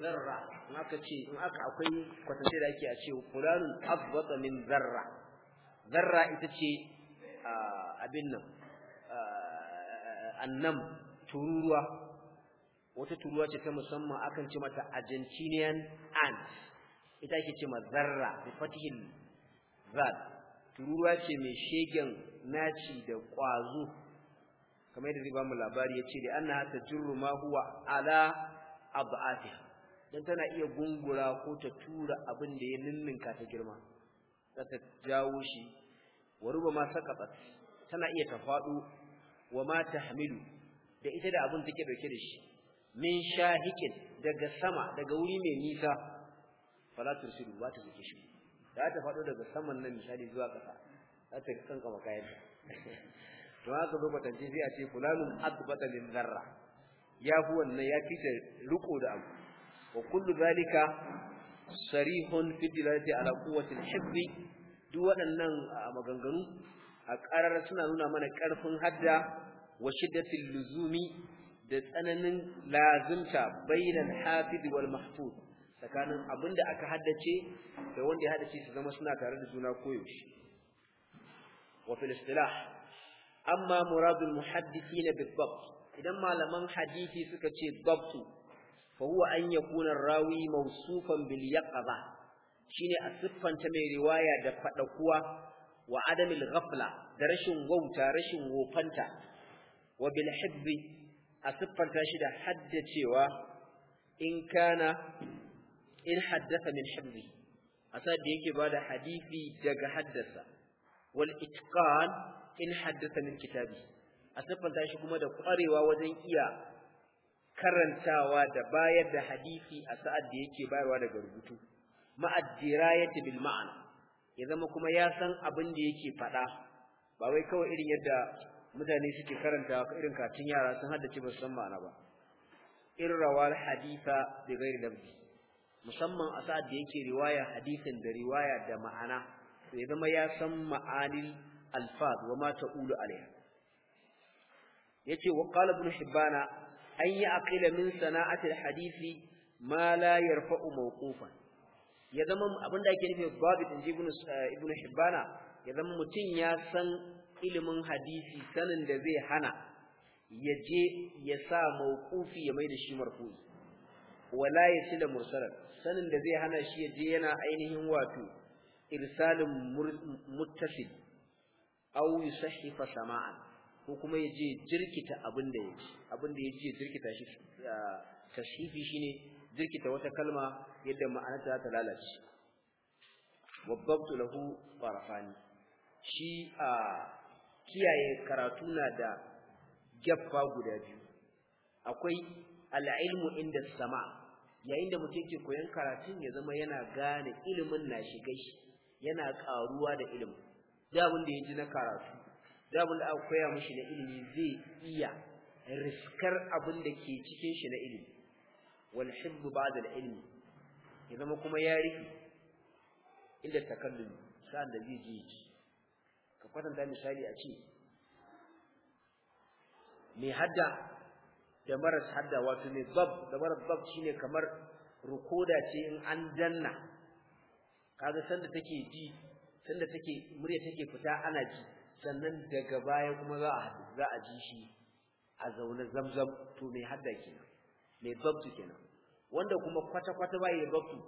zarra in aka ce in aka akwai kwatance da ake a ce fulanun afdata min zarra zarra ita ce abin nan annam tururuwa wata tururuwa ce ta musamman akan ce mata Argentinian ant ita ake ce ma zarra bi fatihin zat tururuwa ce mai shegen naci da kwazo kamar yadda zai ba mu labari yace da anna ta jurru ma huwa ala ab'atiha dan tana iya gungura ko ta tura abin da ya ninninka ta girma za ta jawo shi wa ma saqatat tana iya ta fadu wa ma tahmilu da ita da abin take dauke da shi min shahikin daga sama daga wuri mai nisa fala tursidu ba ta zuke shi da ta fado daga saman nan misali zuwa kasa za ta kanka makayan to haka zo kwatance sai a ce fulanun adbata zarra ya fi wannan ya fi riko da abu wa kullu zalika sarihun fi dilalati ala quwwati al duk waɗannan maganganu a ƙarar suna nuna mana ƙarfin hadda wa shiddatil luzumi da tsananin lazimta bainal hafid wal tsakanin abinda aka haddace da wanda ya haddace su zama suna tare da juna koyaushe wa fil istilah amma muradul muhaddithina bidabt idan malaman hadisi suka ce dabtu fa huwa an yakuna rawi mawsufan bil yaqaba shine a siffanta mai riwaya da fadakuwa wa adamil ghafla da rashin wauta rashin wofanta wa bil hibbi a siffanta shi da haddacewa in kana in haddatha min hibbi asad da yake bada hadisi daga haddasa wal itqan in haddatha min kitabi a shi kuma da ƙwarewa wajen iya karantawa da bayar da hadisi a sa'ad da yake bayarwa daga rubutu ma'addirayati bil ma'ana ya zama kuma ya san abin da yake faɗa ba wai kawai irin yadda mutane suke karanta irin katin yara sun haddace ba san ma'ana ba irin hadisa haditha bi ghairi lafzi musamman a sa'ad da yake riwaya hadisin da riwaya da ma'ana to ya zama ya san ma'anil alfaz wa ma ta'ulu alaiha yace wa qala ibn hibbana an yi aqila min sana'atil hadisi ma la yarfa'u mawqufan ya zama abinda yake nufi babu din ibn eh, ibn hibbana ya zama mutum ya san ilimin hadisi sanin da zai hana ya je ya sa mawqufi ya mai da shi marfu'i wala yasila mursalan sanin da zai hana shi ya je yana ainihin wato irsalin muttasil aw yusahhifa sama'an ko kuma ya je jirkita abin da ya ji abin da ya ji jirkita shi tashifi shine jirkita wata kalma yadda ma'anarta za ta lalace wabbabtu lahu farafani shi a kiyaye karatu na da gaffa guda biyu akwai al'ilmu inda sama yayin da mutum ke koyon karatun ya zama yana gane ilimin na shiga shi yana karuwa da ilimin da abin da ya ji na karatu da abin da aka koya mishi na ilimi zai iya riskar abin da ke cikin shi na ilimi wal hibbu ba'da al ilmi ya zama kuma ya riki inda takallum sa'an da zai ji ka kwatanta misali a ce mai hadda da maras hadda wato mai bab da maras bab shine kamar rukoda ce in an danna kaga sanda take ji sanda take murya take fita ana ji sannan daga baya kuma za a za a ji shi a zaune zamzam to mai hadda kenan mai babtu kenan wanda kuma kwata-kwata ba ya babtu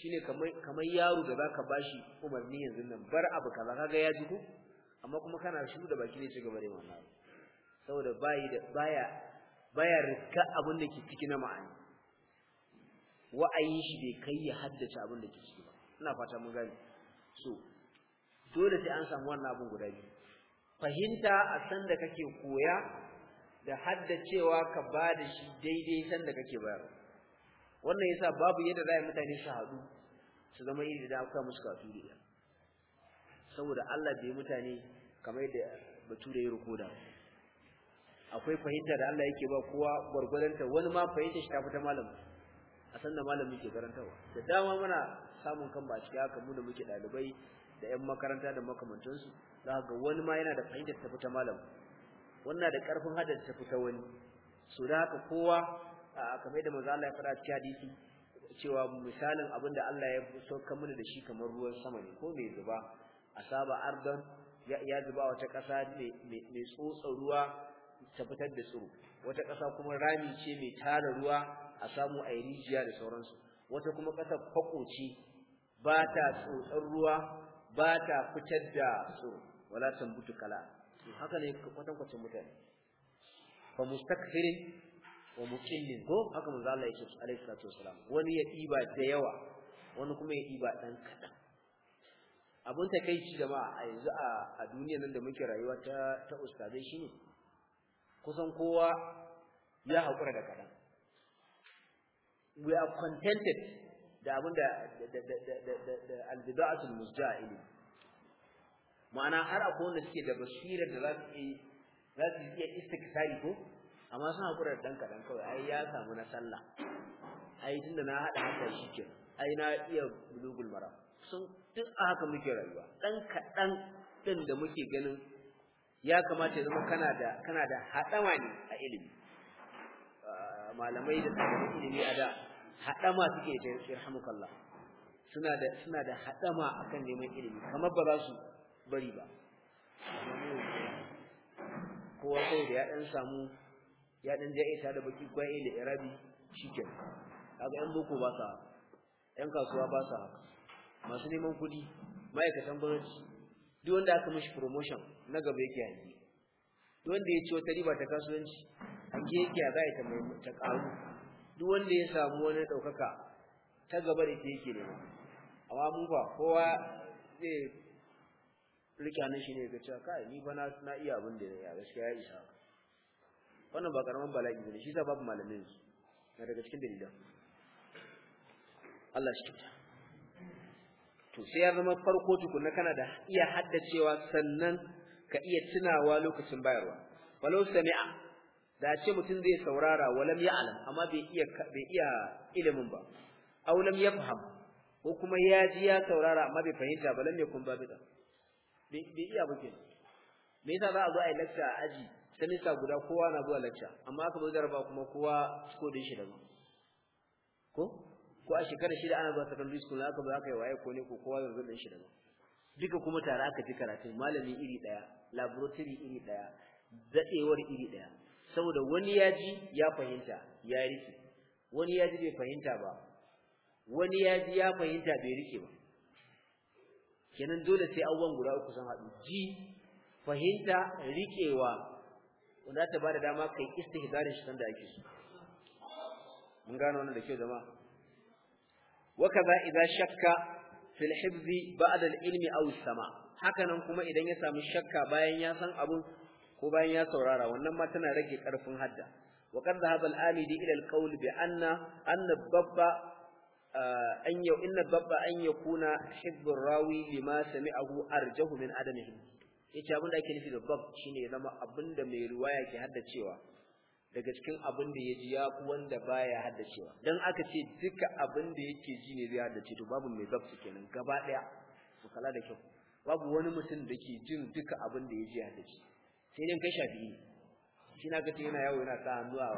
shine kamar kamar yaro da zaka bashi umarni yanzu nan bar abu kaza kaga ya ji amma kuma kana shiru da baki ne ci gaba da wannan saboda baya baya rika abin da ke ciki na ma'ani wa'ayin shi bai kai ya haddace abin da ke ciki ba ina fata mun gani so dole sai an samu wannan abin guda biyu fahimta a san da kake koya da haddacewa ka ba da shi daidai san da kake bayarwa wannan yasa babu yadda za a yi mutane shahadu su zama iri da aka musu kafi da saboda Allah bai mutane kamar yadda bature ya da. akwai fahimta da Allah yake ba kowa gwargwaranta wani ma fahimta shi ta malam a san da malam muke karantawa da dama muna samun kan ba cikin haka mu da muke ɗalibai da ƴan makaranta da makamantansu za ga wani ma yana da fahimtar ta fita malam wannan da karfin hadar ta fita wani so da haka kowa kamar da manzo Allah ya fara cikin hadisi cewa misalin abinda Allah ya sauka mana da shi kamar ruwan sama ne ko mai zuba asaba ardan ya ya zuba wata ƙasa mai tsotsa ruwa ta fitar da tsiro wata kasa kuma rami ce mai tara ruwa a samu a rijiya da sauransu wata kuma kasa fako ce ba ta tsotsar ruwa ba ta fitar da su wala mutu kala haka ne kwatan-kwatan mutane fa mustakhir wa muqillin go haka manzo Allah yake alaihi salatu wasalam wani ya diba da yawa wani kuma ya diba dan kada abun shi jama'a a yanzu a duniyar nan da muke rayuwa ta ta ustazai shine kusan kowa ya hakura da kadan we are contented da abin da a musja'ili ma'ana har akwai wanda suke da basirar da za su yi za su iya ko amma suna kura da dan kadan kawai ai ya samu na sallah ai tunda na hada haka shike ai na iya bulugul mara sun duk a haka muke rayuwa dan kadan din da muke ganin ya kamata ya zama kana da kana da hadama ne a ilimi ah, malamai da ilimi a da hadama suke da yarhamukallah suna da suna da hadama akan neman ilimi kamar ba za su bari ba kowa sai da ya dan samu ya dan ita da baki kwai da irabi shiken kaga yan boko ba sa yan kasuwa ba sa masu neman kudi ma'aikatan gwamnati duk wanda aka mishi promotion na gaba yake hange duk wanda ya ci wata riba ta kasuwanci hange yake za a yi ta ƙaru duk wanda ya samu wani daukaka ta gaba da ke yake nema amma mu ba kowa zai rikanin shi ne ga cewa kai ni ba na iya abin da ya gaskiya ya isa wannan ba karaman bala'i ne shi sa malamin su na daga cikin dalilan Allah shi kyauta to sai ya zama farko tukunna kana da iya haddacewa sannan ka iya tunawa lokacin bayarwa walau sami'a da ce mutum zai saurara walam ya alam amma bai iya bai iya ilimin ba aw lam yafham ko kuma ya ji ya saurara amma bai fahimta ba lam yakun babida bai iya ba kenan me yasa za a zo a yi lecture a aji semester guda kowa na zuwa lecture amma aka zo jaraba kuma kowa ko da shi daban ko ko a shekarar shida ana zuwa secondary school aka zo aka yi waye ko ne ko kowa zai da shi daban duka kuma tare aka ji karatu malami iri daya laboratory iri daya dadewar iri daya saboda wani ya ji ya fahimta ya rike wani ya ji bai fahimta ba wani ya ji ya fahimta bai rike ba kenan dole sai abubuwan guda uku sun haɗu ji fahimta rikewa wanda ta bada dama kai istihdarin shi da ake so mun gano wannan da kyau zama wa kaza idza shakka fil hibzi ba'da al ilmi aw sama hakanan kuma idan ya samu shakka bayan ya san abun ko bayan ya saurara wannan ma tana rage karfin hadda wa qad dhahaba al-amidi ila al-qawl bi anna anna babba eh, an yau inna babba an yakuna hibbu rawi lima sami'ahu arjahu min adamihi yace abin da ake nufi da bab shine ya zama abin da mai riwaya ke haddacewa daga cikin abin da yaji ya ku wanda baya haddacewa dan aka ce duka abin da yake ji ne zai haddace to babu mai bab kenan gaba daya su kala da kyau babu wani mutum da ke jin duka abin da yaji ya haddace sai dai kai shafi'i shi na kace yana yawo yana sa zuwa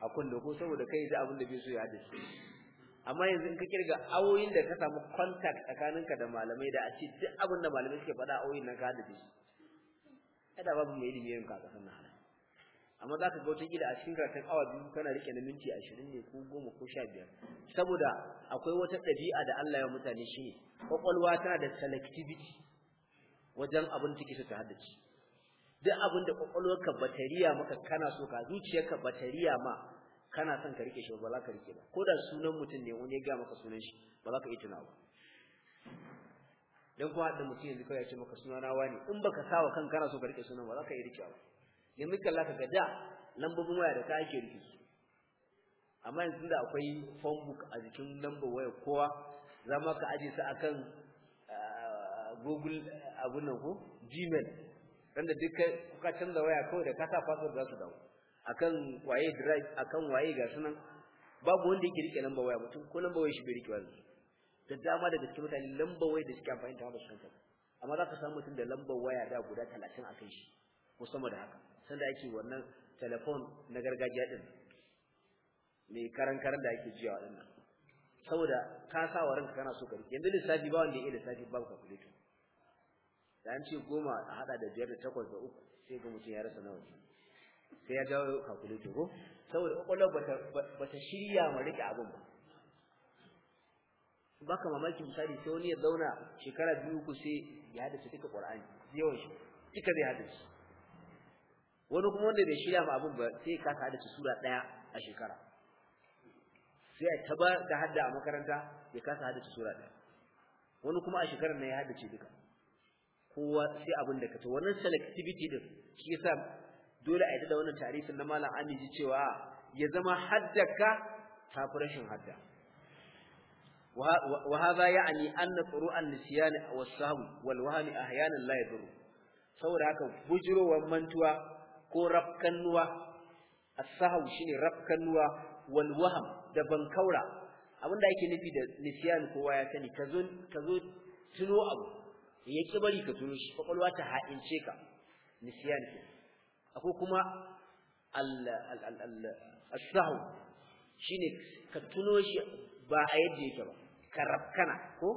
a kullu ko saboda kai da abin da bai so ya hadisi amma yanzu in ka kirga awoyin da ka samu contact tsakaninka da malamai da a ce duk abin da malamai suke faɗa awoyin nan ka hadisi kada babu mai ilimi yanka a kasan nan amma za ka ga wata gida a cikin karatun awa biyu kana rike na minti ashirin ne ko goma ko sha biyar saboda akwai wata ɗabi'a da Allah ya mutane shi ne kwakwalwa tana da selectivity wajen abin take so ta haddace duk abin da kwakwalwarka batariya maka kana so ka zuciyarka batariya ma kana son ka rike shi ba za ka rike ba ko da sunan mutum ne wani ya ga maka sunan shi ba za ka yi tunawa dan ko da mutum yanzu kawai ya ce maka suna na wani in baka wa kan kana so ka rike sunan ba za ka yi rike ba yanzu muka laka ga da lambobin waya da ka ake rike su amma yanzu da akwai phone book a jikin lambar waya kowa za ma ka aje su akan ah, Google abun nan ko Gmail dan da duk kuka canza waya kawai da kasa sa password za su dawo akan waye drive akan waye ga sunan babu wanda yake rike lamba waya mutum ko lamba waya shi bai rike wani da dama daga cikin mutane lamba waya da suke amfani da ba su kanta amma za ka samu mutum da lamba waya da guda 30 a kai shi sama da haka sanda ake wannan telefon na gargajiya din mai karan karan da ake jiya waɗannan saboda ka sa wa ranka kana so ka rike yanzu lissafi ba wanda ya iya lissafi babu calculator da an ce goma a hada da biyar da takwas da uku sai ga mutum ya rasa nawa sai ya jawo calculator ko saboda kwakwalwar bata bata shirya ma rike abin ba baka mamaki misali sai wani ya zauna shekara biyu ku sai ya hada haddace duka qur'ani yawan shi duka zai shi wani kuma wanda bai shirya ma abin ba sai ya kasa su sura daya a shekara sai ya taba da hadda a makaranta ya kasa hada su sura daya wani kuma a shekarar ne ya hada ce duka kowa sai abin da ka wannan selectivity din shi yasa dole a yi da wannan tarihin na malam amiji cewa ya zama haddaka tafi rashin hadda wa hadha ya'ni anna an nisyan wa sahwi wal wahmi ahyanan la yadurru saboda haka bujurowar mantuwa ko rafkanuwa as-sahw shine rafkanuwa wal waham da ban kaura abinda ake nufi da nisyan kowa ya sani kazo kazo tuno abu ya ki bari ka tuno shi kwakwalwa ta ha'ince ka nisiyan ke akwai kuma al-sahu shine ka tuno shi ba a yadda yake ba ka rabkana ko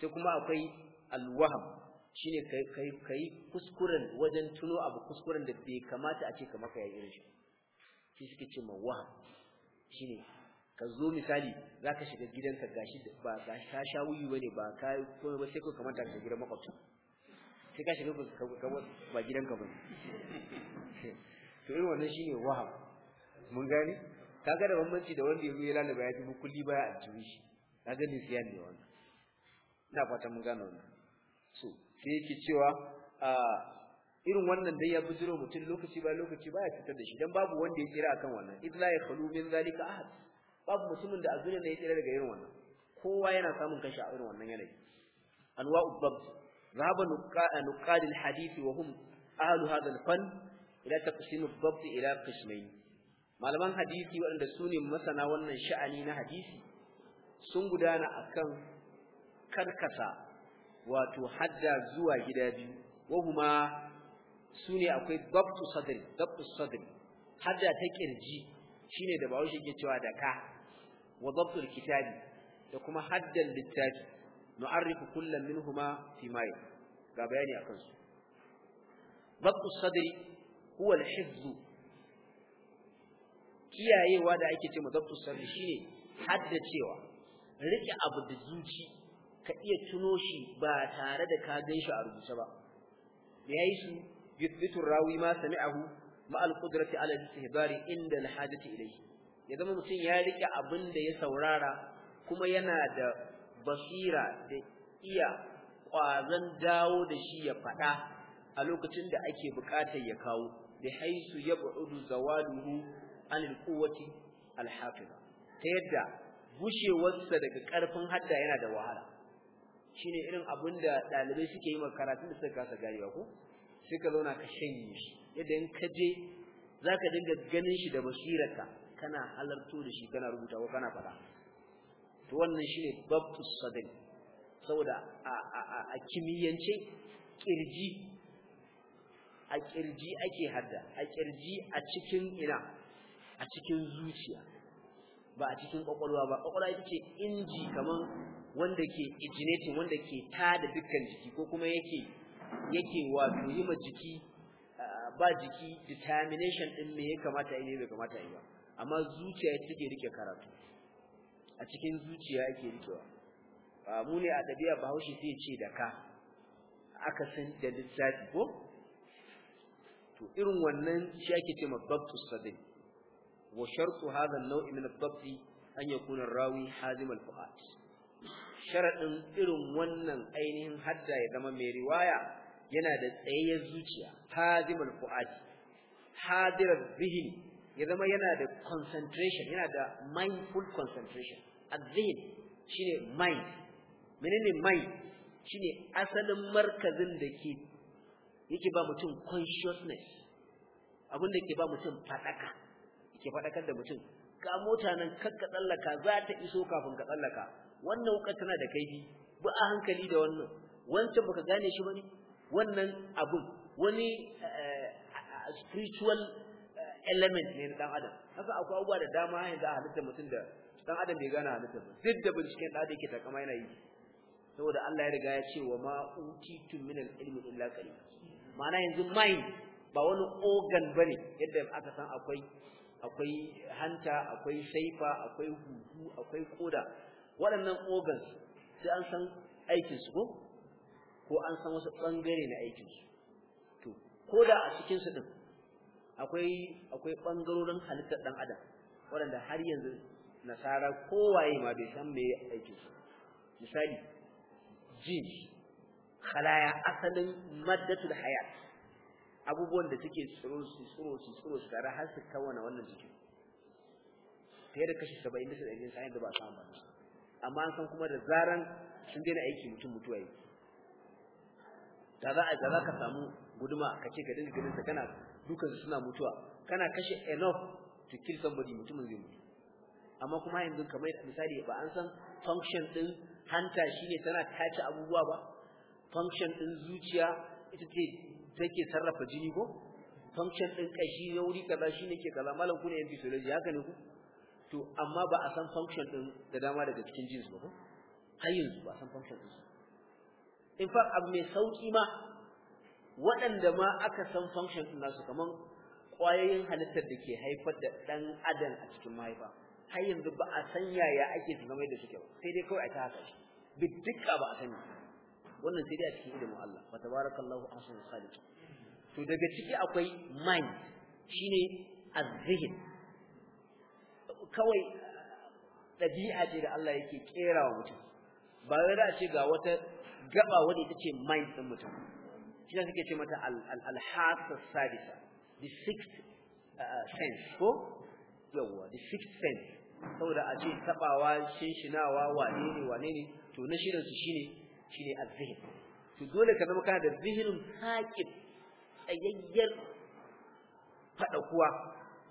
sai kuma akwai al-waham shine kai kai kuskuren wajen tuno abu kuskuren da bai kamata a ce ka maka yayin shi shi suke ce ma waham shine ka zo misali za ka shiga gidanka gashi ba ka ta sha wuyi ba ne ba ka kuma ba sai ka kamar ka gidan makwabta sai ka shiga ba gidanka ba to irin wannan shine waham mun gane kaga da bambanci da wanda yazo ya lalaba ya dubu kulli baya a jiri shi kaga ganin siyan ne wannan ina fata mun gane wannan so sai yake cewa a irin wannan dai ya bujiro mutum lokaci ba lokaci ba ya fitar da shi dan babu wanda ya tsira akan wannan idla ya khalu min zalika ahad babu musulmin da a duniya ne ya tsira daga irin wannan kowa yana samun kashi a irin wannan yanayi anwa'u dabt eh, wa نقاد الحديث وهم أهل fan الفن إلى تقسيم الضبط ila qismayn malaman hadisi waɗanda su ne masana wannan sha'ani na hadisi sun gudana akan karkasa wato hadda zuwa gida biyu wahuma su ne akwai dabtu sadri dabtu sadri hadda ta kirji shine da bawo shi ke cewa da ka wa dabtul kitabi da kuma haddan littafi nu'arrifu kullan minhuma fi ma ga bayani akan su dabtul sadri huwa al-hifz kiyayewa da ake cewa dabtul sadri shine haddacewa rike abu da zuci ka iya tuno shi ba tare da ka gan shi a rubuta ba me yayi su yuthbitu rawi ma sami'ahu ma al-qudrati ala al-istihbari inda al-hajati ilayhi ya zama mutum ya rike abin da ya saurara kuma yana da basira da iya ƙwazon dawo da shi ya faɗa a lokacin da ake buƙatar ya kawo da haisu yab'udu zawaluhu anil quwwati al ta yadda gushewarsa daga ƙarfin hadda yana da wahala shine irin abin da ɗalibai suke yi karatu da suka kasa garewa ko sai ka zauna ka shanye shi idan ka je ka dinga ganin shi da basirarka kana halarto da shi kana ko kana faɗa to wannan shine babu sadin saboda a a a, a kimiyyance kirji a kirji ake hadda a kirji a cikin ina a cikin zuciya ba a cikin kwakwalwa ba kwakwalwa ita ce inji kaman wanda ke ejinating wanda ke tada dukkan jiki ko kuma yake yake wato yi ma jiki ba jiki determination din me ya kamata yi ne bai kamata yi ba amma zuciya ita take rike karatu a cikin zuciya yake rikewa ba mu ne a ba bahaushe sai ce da ka aka san da lissafi ko to irin wannan shi ake ce mabtu sadin wa shartu hadha an nawi min ad-dabt an yakuna rawi hazim al-fuqat sharadin irin wannan ainihin hadda ya zama mai riwaya yana da tsayayyar zuciya hazim al-fuqat hadir al-zihni ya zama yana da concentration yana da mindful concentration azin shine mind menene mind shine asalin markazin da ke yake ba mutum consciousness abin da ke ba mutum fadaka yake fadakar da mutum ka mota nan kakka tsallaka za ta iso kafin ka tsallaka wannan wuka tana da kaifi bi a hankali da wannan wancan baka gane shi bane wannan abun wani eh, eh, spiritual element ne na dan adam kasa akwai abubuwa da dama yanzu a halittar mutum da dan adam bai gane halittar ba duk da binciken da yake takama yana yi saboda Allah ya riga ya ce wa ma utitum min al-ilmi illa qalil ma'ana yanzu mind ba wani organ bane yadda aka san akwai akwai hanta akwai saifa, akwai huhu akwai koda waɗannan organs sai an san aikin su ko ko an san wasu bangare na aikin su to koda a cikin su din akwai akwai bangarorin halittar dan adam waɗanda har yanzu nasara kowaye ma bai san me yake misali jin khalaya asalin maddatul hayat abubuwan da suke tsiro su tsiro su tsiro su tare har su kawana wannan jikin sai da kashi 70 bisa ɗari sai da ba samu ba amma an san kuma da zaran sun daina aiki mutum mutuwa yake da za a da za ka samu guduma ka ce ga dinga ganin kana dukan suna mutuwa kana kashe enough to kill somebody mutumin zai mutu amma kuma yanzu kamar misali ba an san function din hanta shine tana tace abubuwa ba function din zuciya ita ce take sarrafa jini ko function din kashi ya wuri kaza shine ke kaza malam ku ne yan physiology haka ne ku to amma ba a san function din da dama daga cikin jins ba ko har yanzu ba a san function din su in fact abu mai sauki ma waɗanda ma aka san function ɗin nasu kaman ƙwayoyin halittar da ke haifar da ɗan adam a cikin mahaifa har yanzu ba a san yaya ake su game da suke ba sai dai kawai a ta haka biddika ba a sani wannan sai dai a cikin ilimin Allah wa tabarakallahu ahsanul khaliqin to daga ciki akwai mind shine azhin kawai ɗabi'a ce da Allah yake kera wa mutum ba wai da a ce ga wata gaba wadda ita ce mind ɗin mutum shi kake suke ce mata al sadisa the sixth uh, sense ko yawwa the sixth sense saboda a ce tabawa shinshinawa wane ne wane ne to na shirin su shine shine azhin to dole ka zama kana da zihirin haƙib tsayayyar faɗakuwa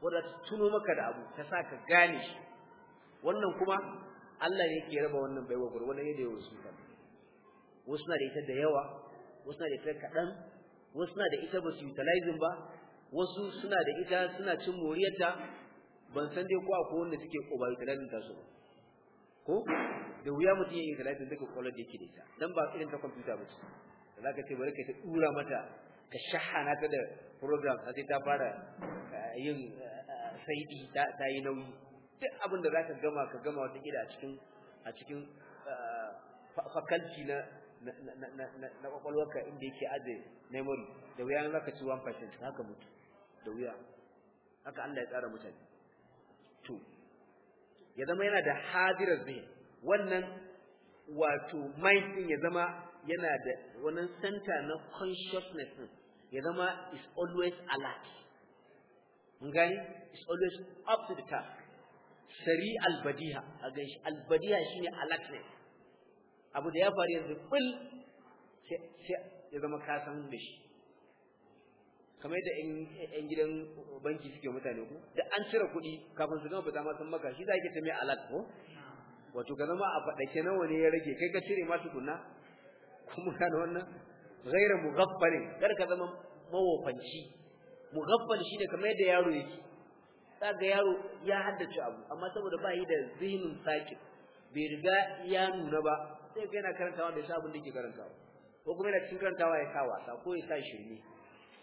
wanda ta tuno maka da abu ta sa ka gane shi wannan kuma Allah ne ke raba wannan baiwa gurgurdan yadda ya wasu wasu na da ita da yawa wasu na da kai kaɗan wasu na da ita ba su utilizing ba wasu suna da ita suna cin moriyarta ban san dai ko akwai wanda suke over utilizing ta su ko da wuya mutum ya yi utilizing duka kwalar da yake da ita dan ba irin ta kwamfuta ba ce da za ka ce bari ka ta dura mata ka shahana ta da program sai ta fara eh, yin eh, saidi ta yi nauyi duk abin da za ka gama ka gama wata gida a cikin a cikin eh, fakalci na na kwakwalwarka inda yake aje memory da wuya na zaka ci 1% haka mutu da wuya haka Allah ya tsara mutane to ya zama yana da hadirar zai wannan wato mind din ya zama yana da wannan center na consciousness din ya zama is always alert mun gani is always up to the task sari albadiha a ganshi albadiha shine alertness abu da ya faru yanzu sai ya zama ka san da shi kamar yadda ƴan gidan banki suke mutane ku da an cire kuɗi kafin su gama fita ma sun maka shi za ki ta mai alat ko wato ka zama a faɗake nawa ne ya rage kai ka cire ma tukunna kuma ka da wannan mu mughaffarin kar ka zama mawofanci shi ne kamar yadda yaro yake za ga yaro ya haddace abu amma saboda ba yi da zihinin sakin bai riga ya nuna ba sai ga yana karantawa bai sa da yake karantawa ko kuma yana cikin karantawa ya sa wasa ko ya sa shirme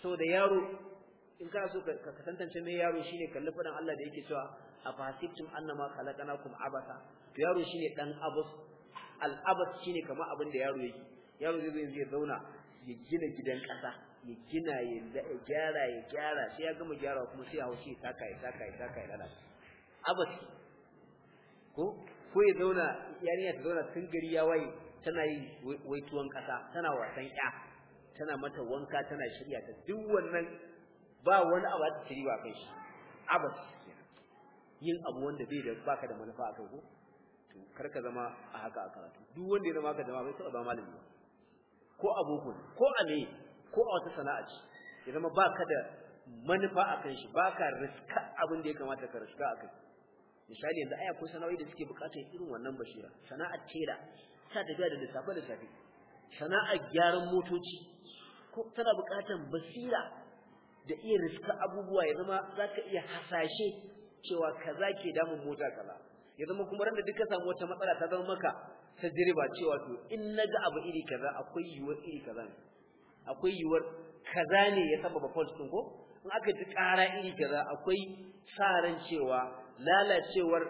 saboda yaro in kana so ka tantance me yaro shine kalli fadan Allah da yake cewa afasibtum annama khalaqnakum abasa to yaro shine dan abus al abas shine kamar abin da yaro yake yaro zai zai ya zauna ya gina gidan kasa ya gina ya gyara ya gyara sai ya gama gyara kuma sai ya haushi ya taka ya taka ya taka ya lalata abas ko ko ya zauna yarinya ta zauna tun gari ya waye tana yi waituwan kasa tana wasan ya tana mata wanka tana shirya ta duk wannan ba wani abu da shiri ba kai shi abas yin abu wanda bai da baka da manufa akai ko to kar zama a haka a karatu duk wanda ya zama ka zama bai taba ba malami ko abokin ko a ko a wata sana'a ce ya zama baka da manufa akan shi baka riska abin da ya kamata ka riska akai misali yanzu aya ko sana'o'i da suke bukatar irin wannan basira sana'ar tela ta tafiya da lissafe safe sana'ar gyaran motoci ko tana bukatar basira da iya riska abubuwa ya zama za ka iya hasashe cewa kaza ke damun mota kaza ya zama kuma ran da duka samu wata matsala ta zama maka ta jiriba cewa to in na ga abu iri kaza akwai yiwuwar iri kaza ne akwai yiwuwar kaza ne ya sababa fault din ko in aka ji kara iri kaza akwai sa ran cewa lalacewar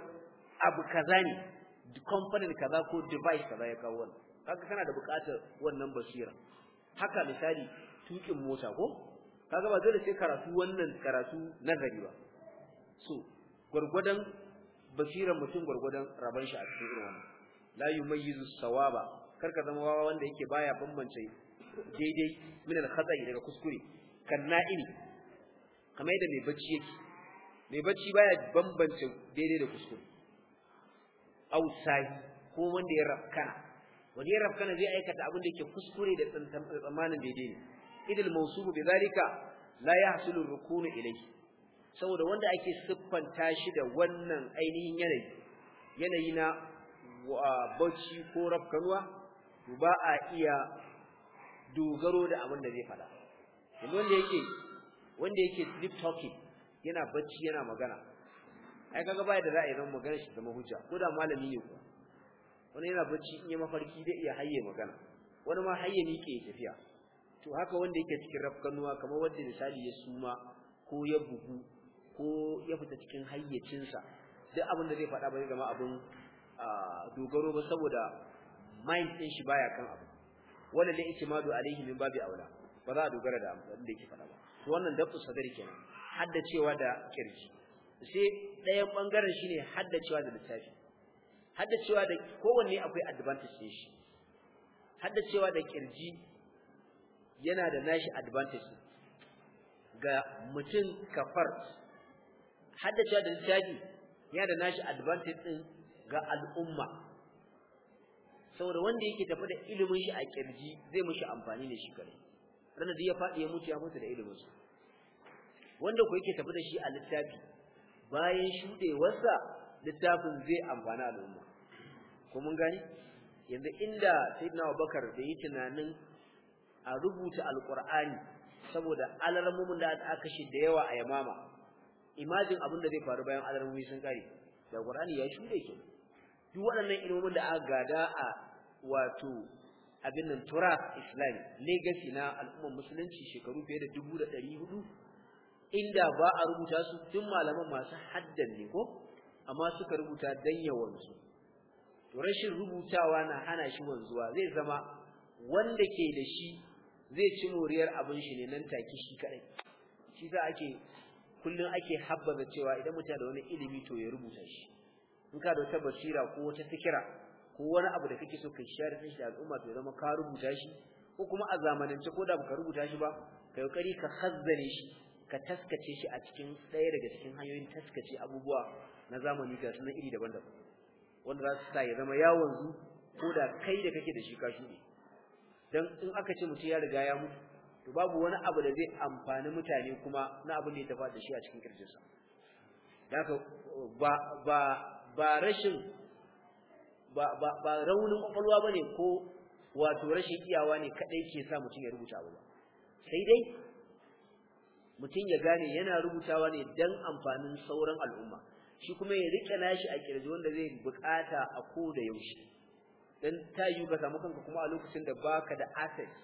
abu kaza ne kamfanin kaza ko device kaza ya kawo wannan kaga kana da buƙatar wannan basira haka misali tukin mota ko kaga ba dole sai karatu wannan karatu nazari ba so gurgudan basiran mutum gurgudan raban shi a cikin irin wannan la yumayyizu sawaba karka zama wawa wanda yake baya bambance daidai min al-khata'i daga kuskure kan na'ini kamar yadda mai bacci yake mai bacci baya bambance daidai da kuskure sai ko wanda ya rafkana wanda ya rafkana zai aikata abin da yake kuskure da tsammanin daidai ne idil mawsubu bi zalika la yahsulu rukunu ilayhi saboda wanda ake siffanta shi da wannan ainihin yanayi yanayi na bacci ko rafkanuwa to ba a iya dogaro da abin da zai fada wanda yake wanda yake sleep talking yana bacci yana magana ai kaga bai da ra'ayi zan magana shi zama hujja ko da malami ne ko wani yana bacci in ya mafarki zai iya hayye magana wani ma hayye ne ke tafiya to haka wanda yake cikin rafkanuwa kamar wanda misali ya suma ko ya bugu ko ya fita cikin hayyacinsa duk abin da zai faɗa ba zai zama abin dogaro ba saboda mind ɗin shi baya kan abu wanda ne madu alaihi min babi aula ba za a dogara da abin da yake faɗa ba to wannan dabtu sadari kenan haddacewa da kirji sai ɗayan ɓangaren shi ne haddacewa da littafi haddacewa da kowanne akwai advantage shi haddacewa da kirji yana da nashi advantage ga mutum kafar haddacewa da littafi yana da nashi advantage ɗin ga al'umma saboda wanda yake tafi da ilimin shi a kirji zai mashi amfani da shi kare ranar da ya faɗi ya mutu ya mutu da ilimin su wanda ku yake tafi da shi a littafi bayan shudewarsa littafin zai amfana al'umma ko mun gani yanzu inda sayyidina Abubakar da yi tunanin a rubuta alqur'ani saboda alarmumin da aka shi da yawa a yamama imajin abin da zai faru bayan alarmumi sun kare da qur'ani ya shude ke duk waɗannan ilmomin da aka gada a wato abin nan tura islami legacy na al'ummar musulunci shekaru fiye da 1400 inda ba a rubuta su tun malaman masu haddan ne ko amma suka rubuta dan yawansu to rashin rubutawa na hana shi wanzuwa zai zama wanda ke da shi zai ci moriyar abin shi ne nan take shi kadai shi za ake kullun ake habbaza cewa idan mutum da wani ilimi to ya rubuta shi in ka da wata basira ko wata fikira ko wani abu da kake so ka share shi da al'umma to zama ka rubuta shi ko kuma a zamanance ko da baka rubuta shi ba kai kokari ka hazzane shi ka taskace shi a cikin ɗaya daga cikin hanyoyin taskace abubuwa na zamani ga sunan iri daban-daban wanda za su sa ya zama yawon zu ko da kai da kake da shi ka shuɗe Don in aka ce mutum ya riga ya mutu to babu wani abu da zai amfani mutane kuma na abin da ya tafi da shi a cikin kirjinsa ba ba ba ba ba raunin kwakwalwa ko wato rashin iyawa ne kaɗai ke sa mutum ya rubuta abu ba sai dai mutum ya gane yana rubutawa ne dan amfanin sauran al'umma shi kuma ya rike nashi a kirji wanda zai bukata a ko da yaushe dan yi ba samu kanka kuma a lokacin da baka da assets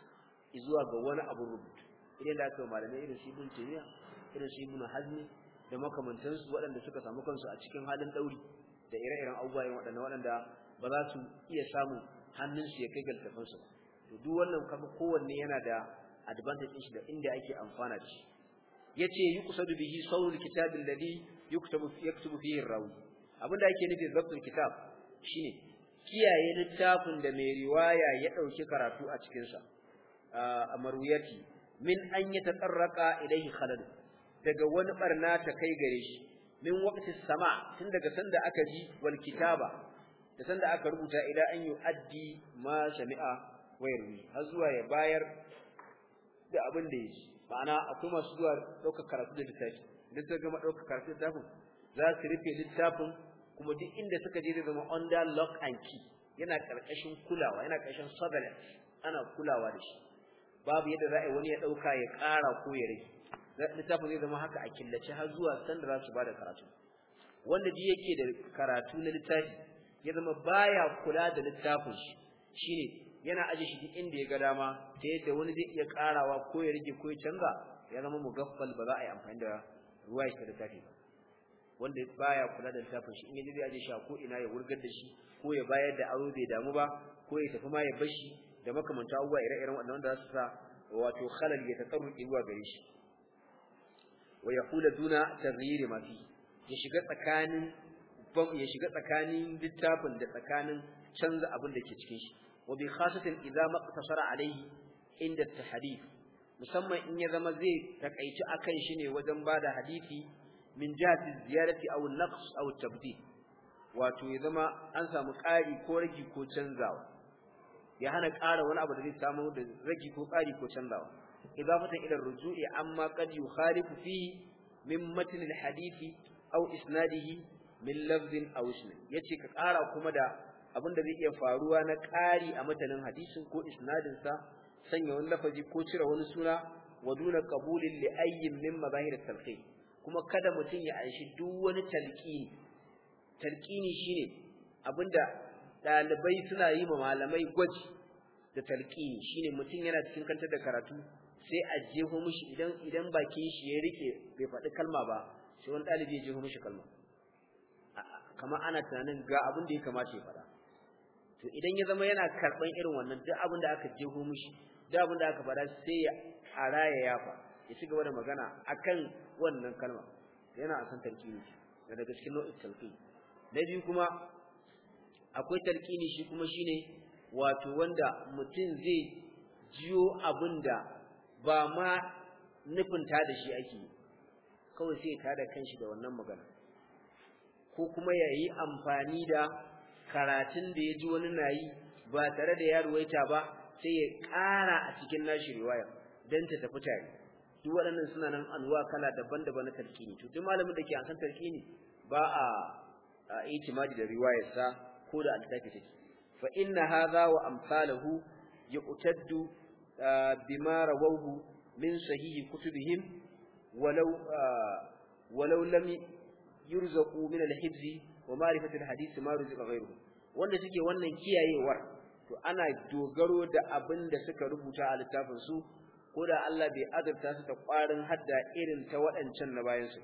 zuwa ga wani abu rubutu idan da aka malamai irin shi ibn taymiya irin shi ibn hazmi da makamantansu waɗanda suka samu kansu a cikin halin dauri da ire-iren abubuwa waɗanda waɗanda ba za su iya samun hannunsu ya kai galtafansu ba to duk wannan kafa kowanne yana da advantage shi da inda ake amfana da shi yace yuqsadu bihi sawrul kitab alladhi yuktabu yaktubu fihi rawi abinda yake nufi zabtul kitab shine kiyaye littafin da mai riwaya ya dauki karatu a cikin sa a marwiyati min an yatatarraqa ilayhi khalal daga wani barna ta kai gare shi min waqti sama tun daga sanda aka ji wal kitaba da sanda aka rubuta ila an yu'addi ma shami'a wayarwi har zuwa ya bayar da abin da yake ma'ana akwai masu zuwa ɗaukar karatu da littafi idan suka gama ɗaukar karatu da littafin za su rufe littafin kuma duk inda suka je zama under lock and key yana ƙarƙashin kulawa yana ƙarƙashin surveillance ana kulawa da shi babu yadda za a yi wani ya ɗauka ya ƙara ko ya rage littafin zai zama haka a killace har zuwa sanda za su bada da karatu wanda duk yake da karatu na littafi ya zama baya kula da littafin shi shine yana aje shi duk inda ya ga dama ta yadda wani zai iya karawa ko ya rage ko ya canza ya zama mugaffal ba za a yi amfani da ruwa ya da tafi ba wanda baya kula da tafin shi in ya zai aje shi ko ina ya wurgar da shi ko ya bayar da aro bai damu ba ko ya tafi ma ya bar shi da makamanta abubuwa ire-iren waɗanda wanda za su sa wato khalal ya takarruki zuwa gare shi wa kula duna taghyir ma fi ya shiga tsakanin ya shiga tsakanin littafin da tsakanin canza abin da ke cikin shi wa bi khasatin idza maqtasara alayhi inda tahdith musamman in ya zama zai takaici kan shi ne wajen bada hadisi min jihati ziyarati aw naqs aw tabdil wato ya zama an samu ƙari ko ragi ko canzawa ya hana ƙara wani abu da zai samar da ragi ko ƙari ko canzawa idafatan ila ruju'i amma qad yukhalifu fi min matn al-hadisi aw isnadihi min lafzin aw isnad yace ka ƙara kuma da abin da zai iya faruwa na ƙari a mutanen hadisin ko isnadinsa sanya wani lafazi ko cire wani suna wa duna qabulin li min mazahir talqin kuma kada mutum ya aishi duk wani talqini talqini shine abinda dalibai suna yi ma malamai gwaji da talqini shine mutum yana cikin kanta da karatu sai a jeho mishi idan idan bakin shi ya rike bai faɗi kalma ba sai wani ɗalibi ya jeho mishi kalma kama ana tunanin ga abin da ya kamata ya faɗa to idan ya zama yana karban irin wannan duk abin da aka jeho mishi duk abin da aka fara sai ya ara ya yafa, ya ci gaba da magana akan wannan kalma yana a san tarkini daga cikin nau'in tarkini na biyu kuma akwai tarkini shi kuma shine wato wanda mutum zai jiyo abin da ba ma nufinta da shi ake yi kawai sai ya tada kanshi da wannan magana ko kuma ya yi amfani da karatun da ya ji wani na yi ba tare da ya ruwaita ba sai ya ƙara a cikin nashi riwaya don ta tafi tare duk waɗannan suna nan anwa kala daban-daban na tarkini to duk malamin da ke an san tarkini ba a itimadi da riwayarsa ko da alkaki take fa inna hadha wa amsalahu yuqtaddu bima rawahu min sahihi kutubihim walau walau lam يرزقوا من الحفظ ومعرفة الحديث ما رزق غيره wanda suke wannan kiyayewar to ana dogaro da abin da suka rubuta a littafin su ko da Allah bai azurta su ta ƙwarin hadda irin ta waɗancan na bayan su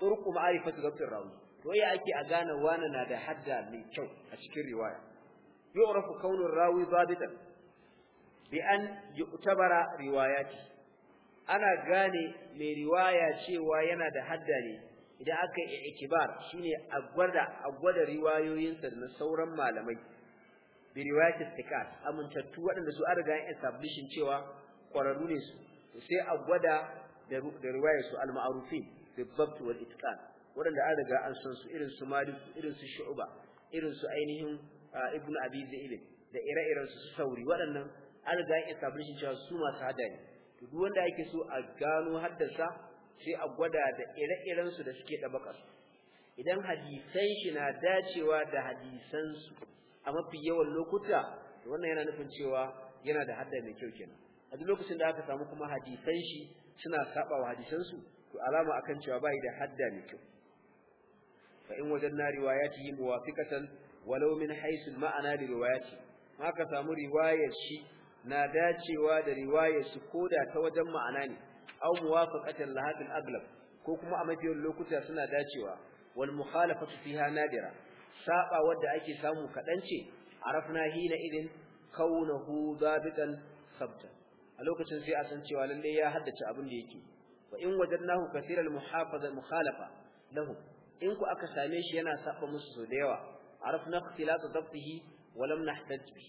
turku ma'rifatu dabtir rawi to ya ake a gane wani na da hadda mai kyau a cikin riwaya yu'rafu kaunur rawi zabitan bi an yu'tabara riwayati ana gane mai riwaya cewa yana da hadda ne idan aka yi ikibar shine a gwada a gwada riwayoyin sa na sauran malamai bi riwayat istiqat amintattu waɗanda su an riga an establishin cewa kwararru ne su sai a gwada da riwayar su al-ma'rufin bi dhabt wal itqan waɗanda an riga an san su irin su malik irin su shu'ba irin su ainihin ibn abi zaid da ire-iren su sauri waɗannan an riga an establishin cewa su masu hada ne to duk wanda yake so a gano haddasa sai a gwada da ire-iren su da suke dabaka idan hadisan shi na dacewa da hadisan a mafi yawan lokuta wannan yana nufin cewa yana da hadda mai kyau kenan a duk lokacin da aka samu kuma hadisan shi suna saba wa hadisan su to alama akan cewa bai da hadda mai kyau fa in wajen na riwayati yi muwafiqatan walau min haythu ma'ana li riwayati haka samu riwayar shi na dacewa da riwayar su koda ta wajen ma'ana ne aw muwafaqatan lahat al-aglab ko kuma a mafi yawan lokuta suna dacewa wal mukhalafatu fiha nadira saba wanda ake samu kadan ce arafna hina idin kaunahu dabitan sabta a lokacin sai a san cewa lalle ya haddace abin da yake wa in wajadnahu kaseera al-muhafaza mukhalafa lahu in ku aka same shi yana saba musu so da yawa arafna ikhtilatu dabtihi wa lam nahtaj bi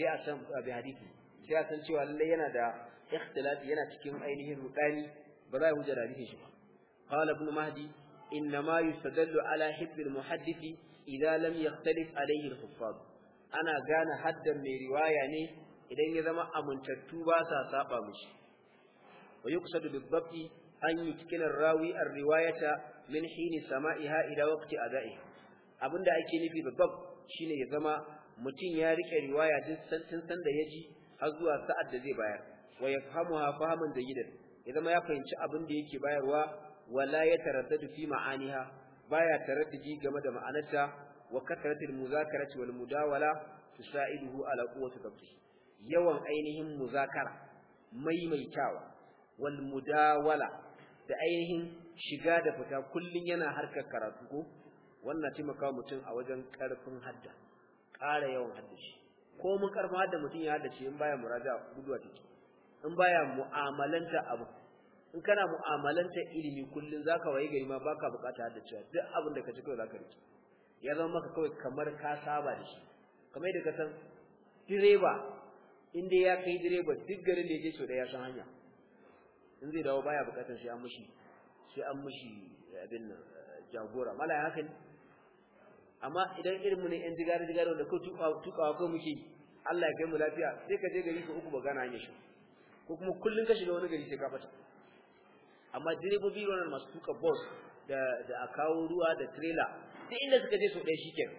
sai a san bi hadisi sai a san cewa lalle yana da ikhtilafi yana cikin ainihin rudani ba za a hujja da hadisin shi ba qala ibn mahdi إنما يستدل على Ana gane إذا mai riwaya ne idan ya zama amintattu من رواية نه إذا يزم أمنتتو باسا سابا مش ويقصد بالضبط أن يتكن الراوي الرواية من حين سمائها إلى وقت أدائها abin da ake nufi babban shine ya zama mutum ya rike riwaya tun san da ji har zuwa sa'ad da zai bayar wa yafhamuha da gidan, ya zama ya fahimci abin da yake bayarwa wala ya taraddadu fi ma'aniha baya taraddadi game da ma'anarta wa kathratul muzakarati wal mudawala tusaiduhu ala quwwati dhabti yawan ainihin muzakara maimaitawa wal mudawala da ainihin shiga da fita kullun yana harkar karatu ko wannan taimakawa mutum a wajen karfin hadda ƙara yawan haddashi ko mun karfa hadda mutum ya haddace in baya muraja guduwa take in baya mu'amalanta abu in kana mu'amalanta ilimi kullun zaka waye gari ma baka bukata da cewa duk abin da ci kawai zaka rike ya zama maka kawai kamar ka saba da shi kamar yadda ka san direba inda ya kai direba duk garin da yake so da ya san hanya in zai dawo baya bukatar shi an mushi shi an mushi abin nan jagora mala haka ne amma idan irin mun ne yan jigar jigare wanda ko tukawa ko muke Allah ya kai mu lafiya sai ka je gari ka uku ba gana hanyar shi ko kuma kullun ka shiga wani gari sai ka bata amma direbobi wannan masu tuka bus da da a kawo ruwa da trailer duk inda suka je su ɗaya shikenan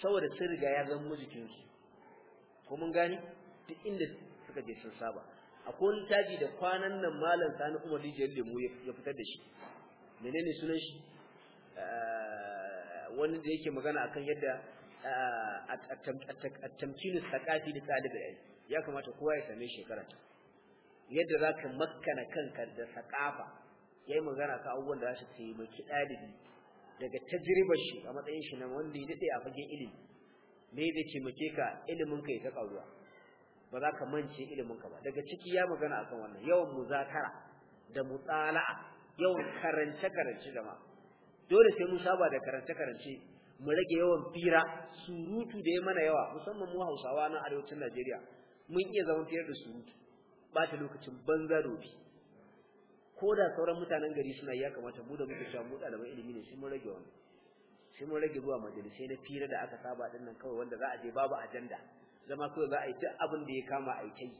saboda sun riga ya zama mujikin su ko mun gani duk inda suka je sun saba akwai wani taji da kwanan nan malam Sani Umar Rijiyar Lemu ya fitar da shi menene sunan shi wani da yake magana akan yadda a tamkinin sakafi da talibul ya kamata kowa ya same shi ta yadda zaka makkana kanka da sakafa yi magana ka abubuwan da za su taimaki ɗalibi daga tajribar shi a matsayin shi na wanda ya daɗe a fagen ilimi me zai taimake ka ilimin ka ya ta ƙaruwa ba za ka mance ilimin ka ba daga ciki ya magana a kan wannan yawan muzakara da tsala yawan karance karance da ma. dole sai mun saba da karance karance mu rage yawan fira surutu da ya mana yawa musamman mu Hausawa na arewacin Najeriya mun iya zama fiyar da su bata lokacin banza robi ko da sauran mutanen gari suna ya kamata mu da muke sha mu ɗaliban ilimi ne sai mun rage wannan sai mun rage zuwa majalisai na fira da aka saba din nan kawai wanda za a je babu ajanda zama kawai za a yi duk abin da ya kama a yi kai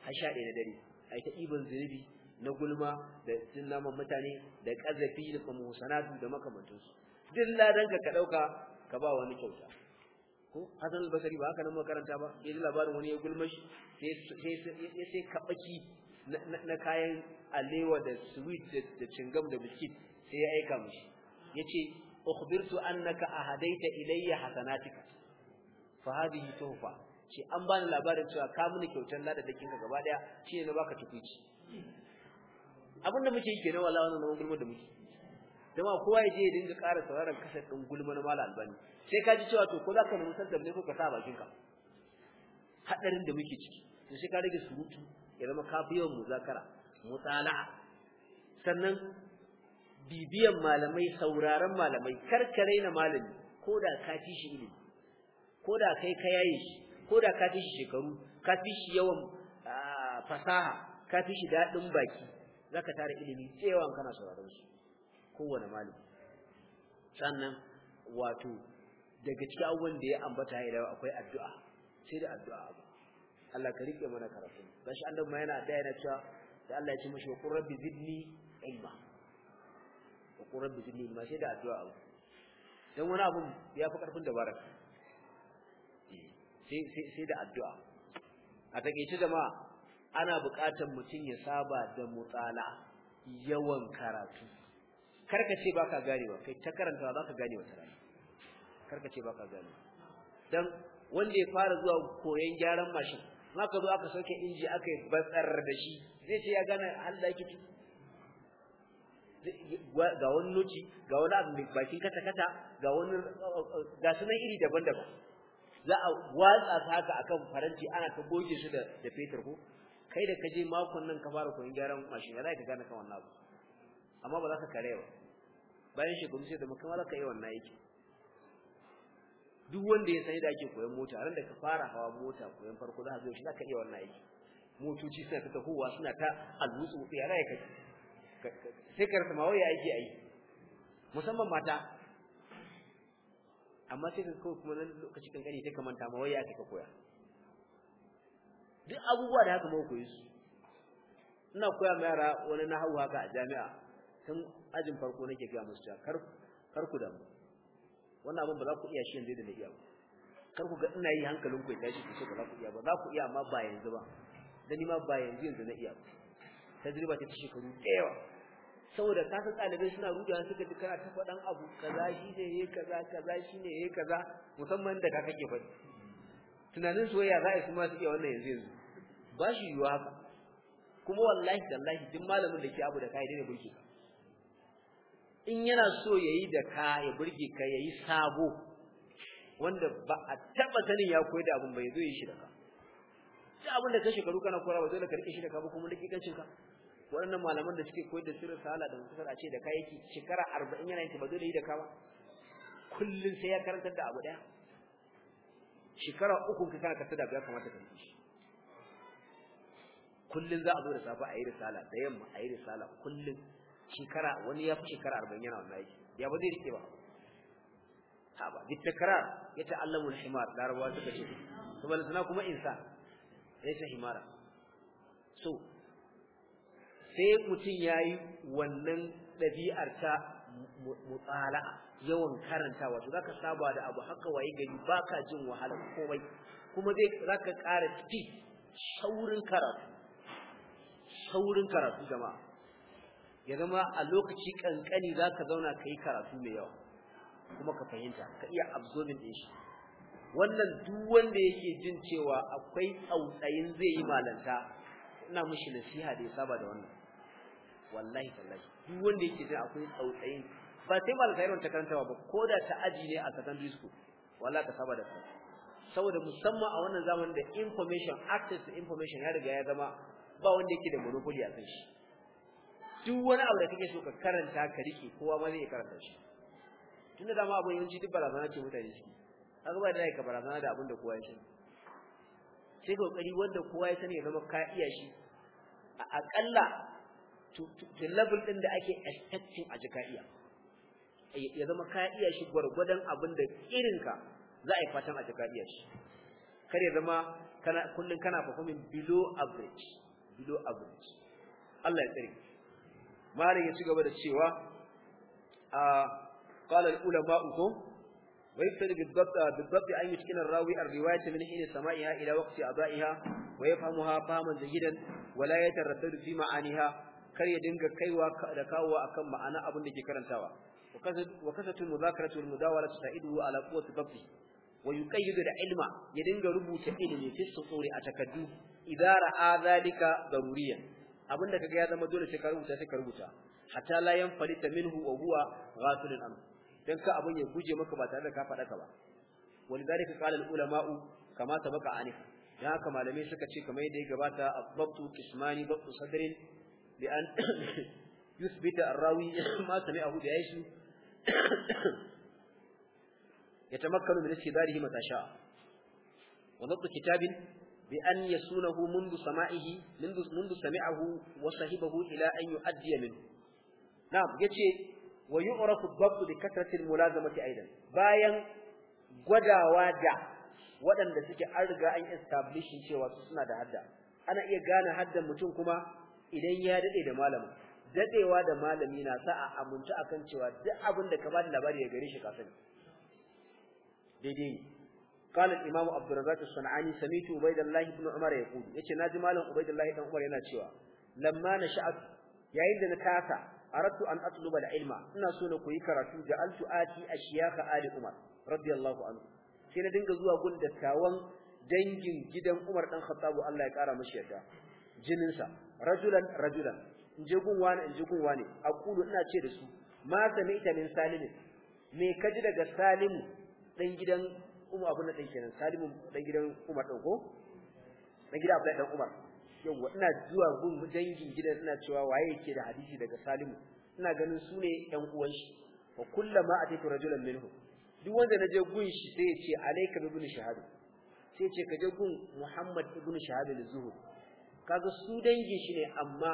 har sha ɗaya na dare a yi ta ɗiban zunubi na gulma da cin naman mutane da ƙazafi da kuma sanadu da makamantansu duk ladan ka ka ɗauka ka ba wani kyauta ko hasan al-Basri ba haka nan makaranta ba sai labarin wani ya gulma shi sai ya sai kabaki na kayan alewa da sweet da cingam da biskit sai ya aika mishi yace ukhbirtu annaka ahadaita ilayya hasanatika fa hadhihi tuhfa shi an bani labarin cewa ka mini kyautar ladadakin ka gaba daya shi ne na baka tukuci da muke yi kenan wallahi wannan gulma da muke jama'a kowa ya je ya dinga ƙara sauraron kasar ɗin gulma na malam albani sai ka ji cewa to ko za ka nemi sandar ne ko ka sa bakin ka haɗarin da muke ciki to sai ka rage surutu ya zama ka fi yawan muzakara mutsala'a sannan bibiyan malamai sauraron malamai karkare na malami ko da ka ci shi ilimi ko da kai ka yaye shi ko da ka ci shi shekaru ka fi shi yawan ah, fasaha ka fi shi daɗin baki zaka tara ilimi tsayawan kana sauraron su kowane malami sannan wato daga cikin abubuwan da ya ambata dawo akwai addu'a sai da addu'a ba Allah ka rike mana karatu gashi annabi ma yana da yana cewa da Allah ya ce mishi qur rabbi zidni ilma qur rabbi zidni ilma sai da addu'a ba dan wani abun ya fi karfin dabara eh, sai sai sai da addu'a a takeice jama'a ana buƙatar mutum ya saba da mutsala yawan karatu karka ce baka ganewa kai ta karanta baka gane wata rana karka ce baka gane dan wanda ya fara zuwa koyon gyaran mashin maka zo aka sauke inji aka yi batsar da shi zai ce ya gane Allah yake ci ga wani noci ga wani abu mai bakin kata kata ga wani ga sunan iri daban-daban za a watsa ta haka akan faranti ana ta goge shi da fetur ko kai da kaje makon nan ka fara koyon gyaran mashin ya za ka gane kan wannan abu amma ba za ka kare ba bayan shekaru sai da maka ma za ka yi wannan aiki duk wanda ya sai da ake koyon mota ran da ka fara hawa mota koyon farko za ka zo shi za ka iya wannan aiki motoci suna ta tahowa suna ta alwutsu ya raye sai ka rasa ma wai aiki ayi musamman mata amma sai ka kawai kuma nan lokaci kankani sai ka manta ma wai ya ka koya duk abubuwa da haka muka koyi su ina koya ma yara wani na hau haka a jami'a tun ajin farko nake ga musu kar kar ku damu wannan abin ba za ku iya shi yanzu da na iya ba kar ku ga ina yi hankalin ku ya tashi ku ce ba za ku iya ba za ku iya amma ba yanzu ba dan ni ma ba yanzu yanzu na iya ba tajriba ta shekaru da yawa saboda ka san ɗalibai suna rudewa suka ji kana ta faɗan abu kaza shi ne yayi eh, kaza kaza shi ne yayi eh, kaza musamman da ka kake faɗi tunanin soyayya za a yi su ma su iya wannan yanzu yanzu ba shi yiwuwa haka kuma wallahi wallahi duk malamin da ke abu da kai dai ne burki ka in yana so ya yi da ka ya burge ka ya yi sabo wanda ba a taba sanin ya koyi da abin bai zo yi shi da ka sai abin da ka shekaru kana kora ba dole ka rike shi da ka ba kuma dakikancin ka waɗannan malaman da suke koyar da sirrin sala da mutsar a ce da ka yake shekara 40 yana yake ba dole yi da ka ba kullun sai ya karanta da abu daya shekara uku ka kana kasada ya kamata ka yi shi kullun za a zo da safa a yi risala da yamma a yi risala kullun shekara wani ya fi shekara arba'in yana wannan aiki ya ba zai rike ba ha ba duk takara ya ta al-himar larabawa suka ce to bal sana kuma insa ta himara so sai mutum ya yi wannan ɗabi'ar ta mutsala yawan karanta wato za ka saba da abu haka waye gari ka jin wahala komai kuma zai za ka ƙara speed saurin karatu saurin karatu jama'a ya zama a lokaci kankani za ka zauna ka yi karatu mai yawa kuma ka fahimta ka iya absorbing din shi wannan duk wanda yake jin cewa akwai tsautsayin zai yi malanta ina mishi nasiha da ya saba da wannan wallahi tallahi duk wanda yake jin akwai tsautsayin ba sai malanta irin ta karantawa ba ko da ta aji ne a secondary school wallahi ka saba da kai saboda musamman a wannan zamanin da information access to information ya riga ya zama ba wanda yake da monopoly a kan shi duk wani abu da kake so ka karanta ka rike kowa ma zai karanta shi tunda dama abun yawanci duk barazana ce mutane shi kaga ba da ka barazana da abun da kowa ya sani sai kokari wanda kowa ya sani ya zama ka iya shi a akalla to level din da ake expecting a jika iya ya zama ka iya shi gwargwadon abin da irinka za a yi fatan a jika iya shi kar ya zama kana kullun kana performing below average below average Allah ya tsare malam ya ci gaba da cewa a qala al ulama ko ويفترض بالضبط بالضبط أن يتقن الراوي الرواية من حين سماعها إلى وقت أدائها ويفهمها فهما جيدا ولا يتردد في معانيها kar ya dinga kaiwa da kawowa akan ma'ana abin da ke karantawa wa kasatul muzakaratu wal mudawalatu ta'idu ala quwwati dabti wa yuqayyidu da ilma ya dinga rubuta ilimi fi sufuri a takaddu idza ra'a zalika daruriyan abin da kaga ya zama dole sai ka rubuta sai ka rubuta hatta la falita minhu wa huwa ghasilun an dan ka abin ya guje maka ba tare da ka fada ka ba walidalika qala al ulama'u kama sabaka anif dan haka malamai suka ce kamar yadda ya gabata abbatu kismani babu sadrin bi an yuthbita ar-rawi ma sami'ahu bi aishi yatamakkanu min istidarihi mata sha'a wa nabt kitabin bi an yasunahu mundu sama'ihi mundu mundu sami'ahu wa sahibahu ila an yu'addiya minhu na'am yace wa yu'rafu ad-dabt bi kathratil mulazamati aidan bayan gwadawa da waɗanda suke arga riga an establishin cewa suna da hadda ana iya gane haddan mutum kuma idan ya dade da malamin dadewa da malami na sa a aminta akan cewa duk abin da ka bada labari ya gare shi ka daidai قال الإمام عبد الرزاق الصنعاني سميت عبيد الله بن عمر يقول يتي ناجي مالن عبيد الله بن عمر yana cewa lamma nasha'at yayin da na kasa aradtu an atluba ilma ina so na koyi karatu da altu ati ashiyaka ali umar radiyallahu anhu sai na dinga zuwa gun dattawan dangin gidan Umar dan Khattab Allah ya kara mashi yadda. Jininsa, sa rajulan rajulan inje gun wani inje gun wani aqulu ina ce da su ma sami'ta min salim me kaji daga Salimu dan gidan Umar abin nan kenan Salimu dan gidan Umar dan ko dan gidan Abdullahi dan Umar yawa ina zuwa gun dangin gidan ina cewa waye yake da hadisi daga Salimu ina ganin su ne ɗan uwan shi wa kullama ataitu rajulan minhu duk wanda naje gun shi sai ya ce alayka bi ibn shahab sai ya ce kaje gun Muhammad ibn shahab al-Zuhri kaga su dangin shi ne amma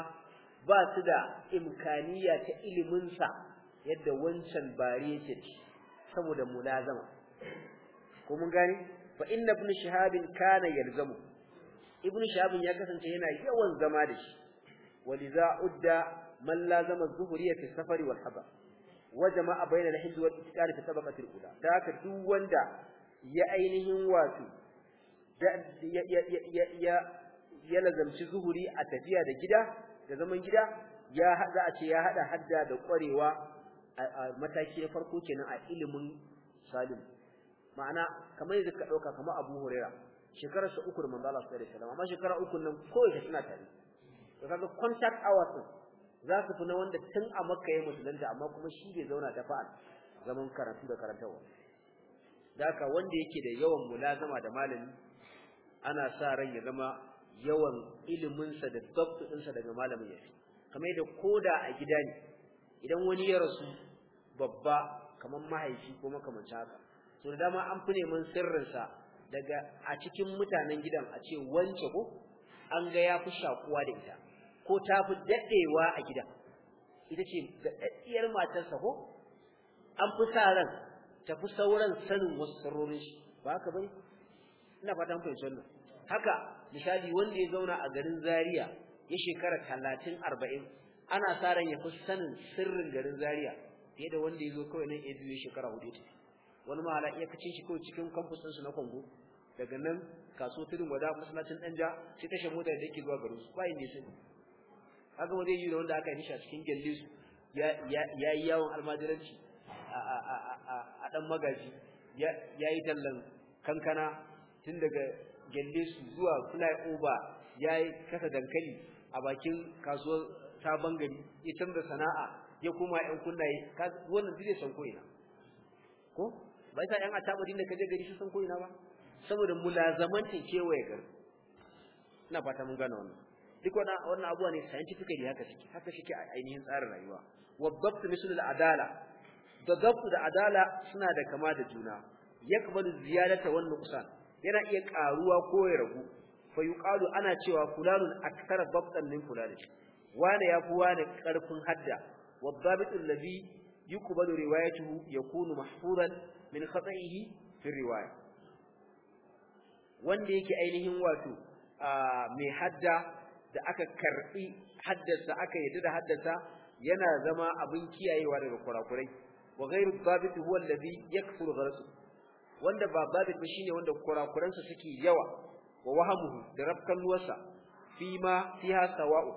ba su da imkaniya ta ilimin sa yadda wancan bare yake saboda mulazama ko mun gane fa inna ibn shahab kana yalzamu ibn shahab ya kasance yana yawan zama da shi waliza udda man lazama zuhriya fi safari wal haba wa jama'a bayna al wal itqan fi sabaqati al-ula da haka duk wanda ya ainihin wato ya ya ya ya lazamci zuhuri a tafiya da gida da zaman gida ya hada a ce ya hada hadda da kwarewa a mataki na farko kenan a ilimin salim ma'ana kamar yadda ka dauka kamar Abu Huraira shekarar sa uku da manzo Allah sallallahu alaihi wasallam amma shekara uku nan kawai ka suna tare to kaga contact hours za su fi na wanda tun a Makka ya musulunta amma kuma shi bai zauna ta fa'al zaman karatu da karantawa daka wanda yake da yawan mulazama da malami ana sa ran ya zama yawan ilimin sa da din sa daga malamin ya fi kamar yadda koda a gida ne idan wani ya rasu babba kamar mahaifi ko makamancin haka to da dama an fi neman sirrinsa daga a cikin mutanen gidan a ce wance ko an ga ya fi shakuwa da ita ko ta fi daɗewa a gidan ita ce da ɗaɗɗiyar matarsa ko an fi sa ran ta fi sauran sanin wasu sirrorin shi ba haka bane ina fata mun fahimci wannan haka misali wanda ya zauna a garin Zaria ya shekara 30 40 ana sa ran ya fi sanin sirrin garin Zaria fiye da wanda ya zo kawai nan ya biyo shekara hudu ita. wani ma ala iyakacin shi ko cikin campus ɗinsu na kwango, daga nan kaso tudun wada masallacin danja sai tashe mota da yake zuwa garin su bai nisa haka wanda yi wanda aka yi shi cikin gelle su ya yi yawon almajiranci a dan magaji ya yi tallan kankana tun daga gelle su zuwa fly over ya yi kasa dankali a bakin kasuwar sabon gari ya canza sana'a ya koma yan kunnaye wannan duk zai san ko ina ko ba sa yan atabadin da kaje gari shi san ko ina ba saboda mulazamantin kewaye gari ina fata mun gane wannan duk wannan wannan abuwa ne scientifically haka shi haka suke a ainihin tsarin rayuwa Babtu misl al adala da dabt da adala suna da kama da juna yakbalu ziyadata wannan kusan. yana iya karuwa ko ya ragu fa yuqalu ana cewa fulanun akthara dabtan min fulani wane yafi wane karfin hadda wadabt alladhi yukbalu riwayatuhu yakunu mahfuzan min khata'ihi fi riwaya wanda yake ainihin wato mai hadda da aka karbi haddasa aka yadda da haddasa yana zama abin kiyayewa daga kurakurai wa ghairu babit huwa alladhi yakfuru gharsu wanda ba babit ba shine wanda kurakuransa suke yawa wa wahamuhu da rabkanuwarsa fima fiha sawa'u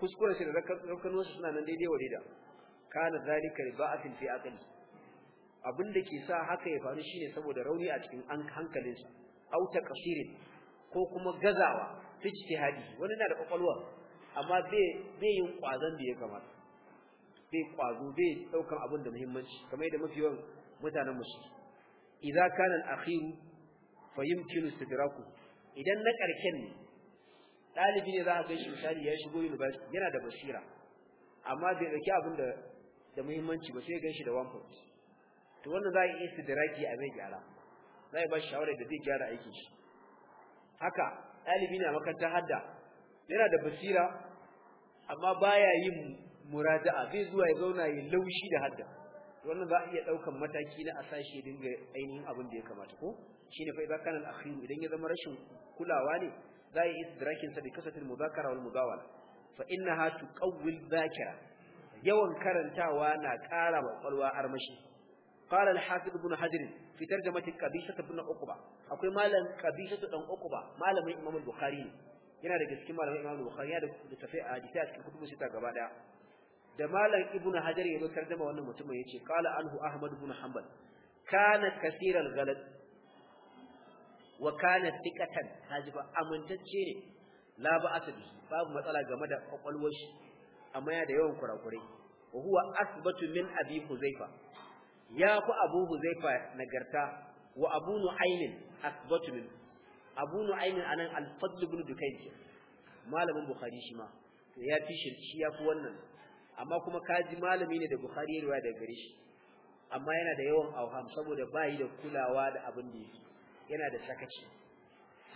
kuskuren shi da rabkanuwarsa suna nan daidai wa daidai kana zalika riba'atin fi aqli abin da ke sa haka ya faru shine saboda rauni a cikin an hankalinsa au taqsirin ko kuma gazawa fi ijtihadi wani na da kwakwalwa amma zai zai yin kwazon da ya kamata zai kwazo zai daukan abin da muhimmanci kamar yadda mafi yawan mutanen musu su idza kana al-akhir fa yumkinu istidraku idan na karken ne dalibi ne za a kai shi misali ya shigo university yana da basira amma bai dauki abin da da muhimmanci ba sai ya ganshi da one point to wanda za a yi raki a mai gyara za a ba shi shawara da zai gyara aikin shi haka ɗalibi na makaranta hadda yana da basira amma baya yin muraja'a zai zuwa ya zauna ya laushi da hadda wannan za a iya ɗaukan mataki na a sashi dinga ainihin abin da ya kamata ko shine fa idan kana al idan ya zama rashin kulawa ne za a yi istidrakin sa da kasatil muzakara wal mudawala fa innaha tuqawwil dhakira yawan karantawa na ƙara wa armashi قال الحافظ ابن حجر في ترجمة قبيشة ابن عقبة أقول مالا قبيشة ابن عقبة مالا من إمام البخاري yana da gaske malamin Imam Bukhari yana da tafi a hadisi a cikin kutubu sita gaba daya da malam Ibn Hajar ya zo tarjuma wannan mutumin yace qala anhu Ahmad ibn Hanbal kana kasirar ghalat wa kana thiqatan hajiba amintacce ne la ba'ata babu matsala game da kwakwalwar shi amma yana da yawan kurakurai wa huwa asbatu min abi huzaifa ya fi abu huzaifa nagarta wa abu nu'aymin asbatu min abu Ainin anan al-fadl ibn dukayn malamin bukhari shi ma to ya fi shi ya fi wannan amma kuma kaji malami ne da bukhari ya riwaya daga gare shi amma yana da yawan auham saboda bayi da kulawa da abin da yake yana da sakaci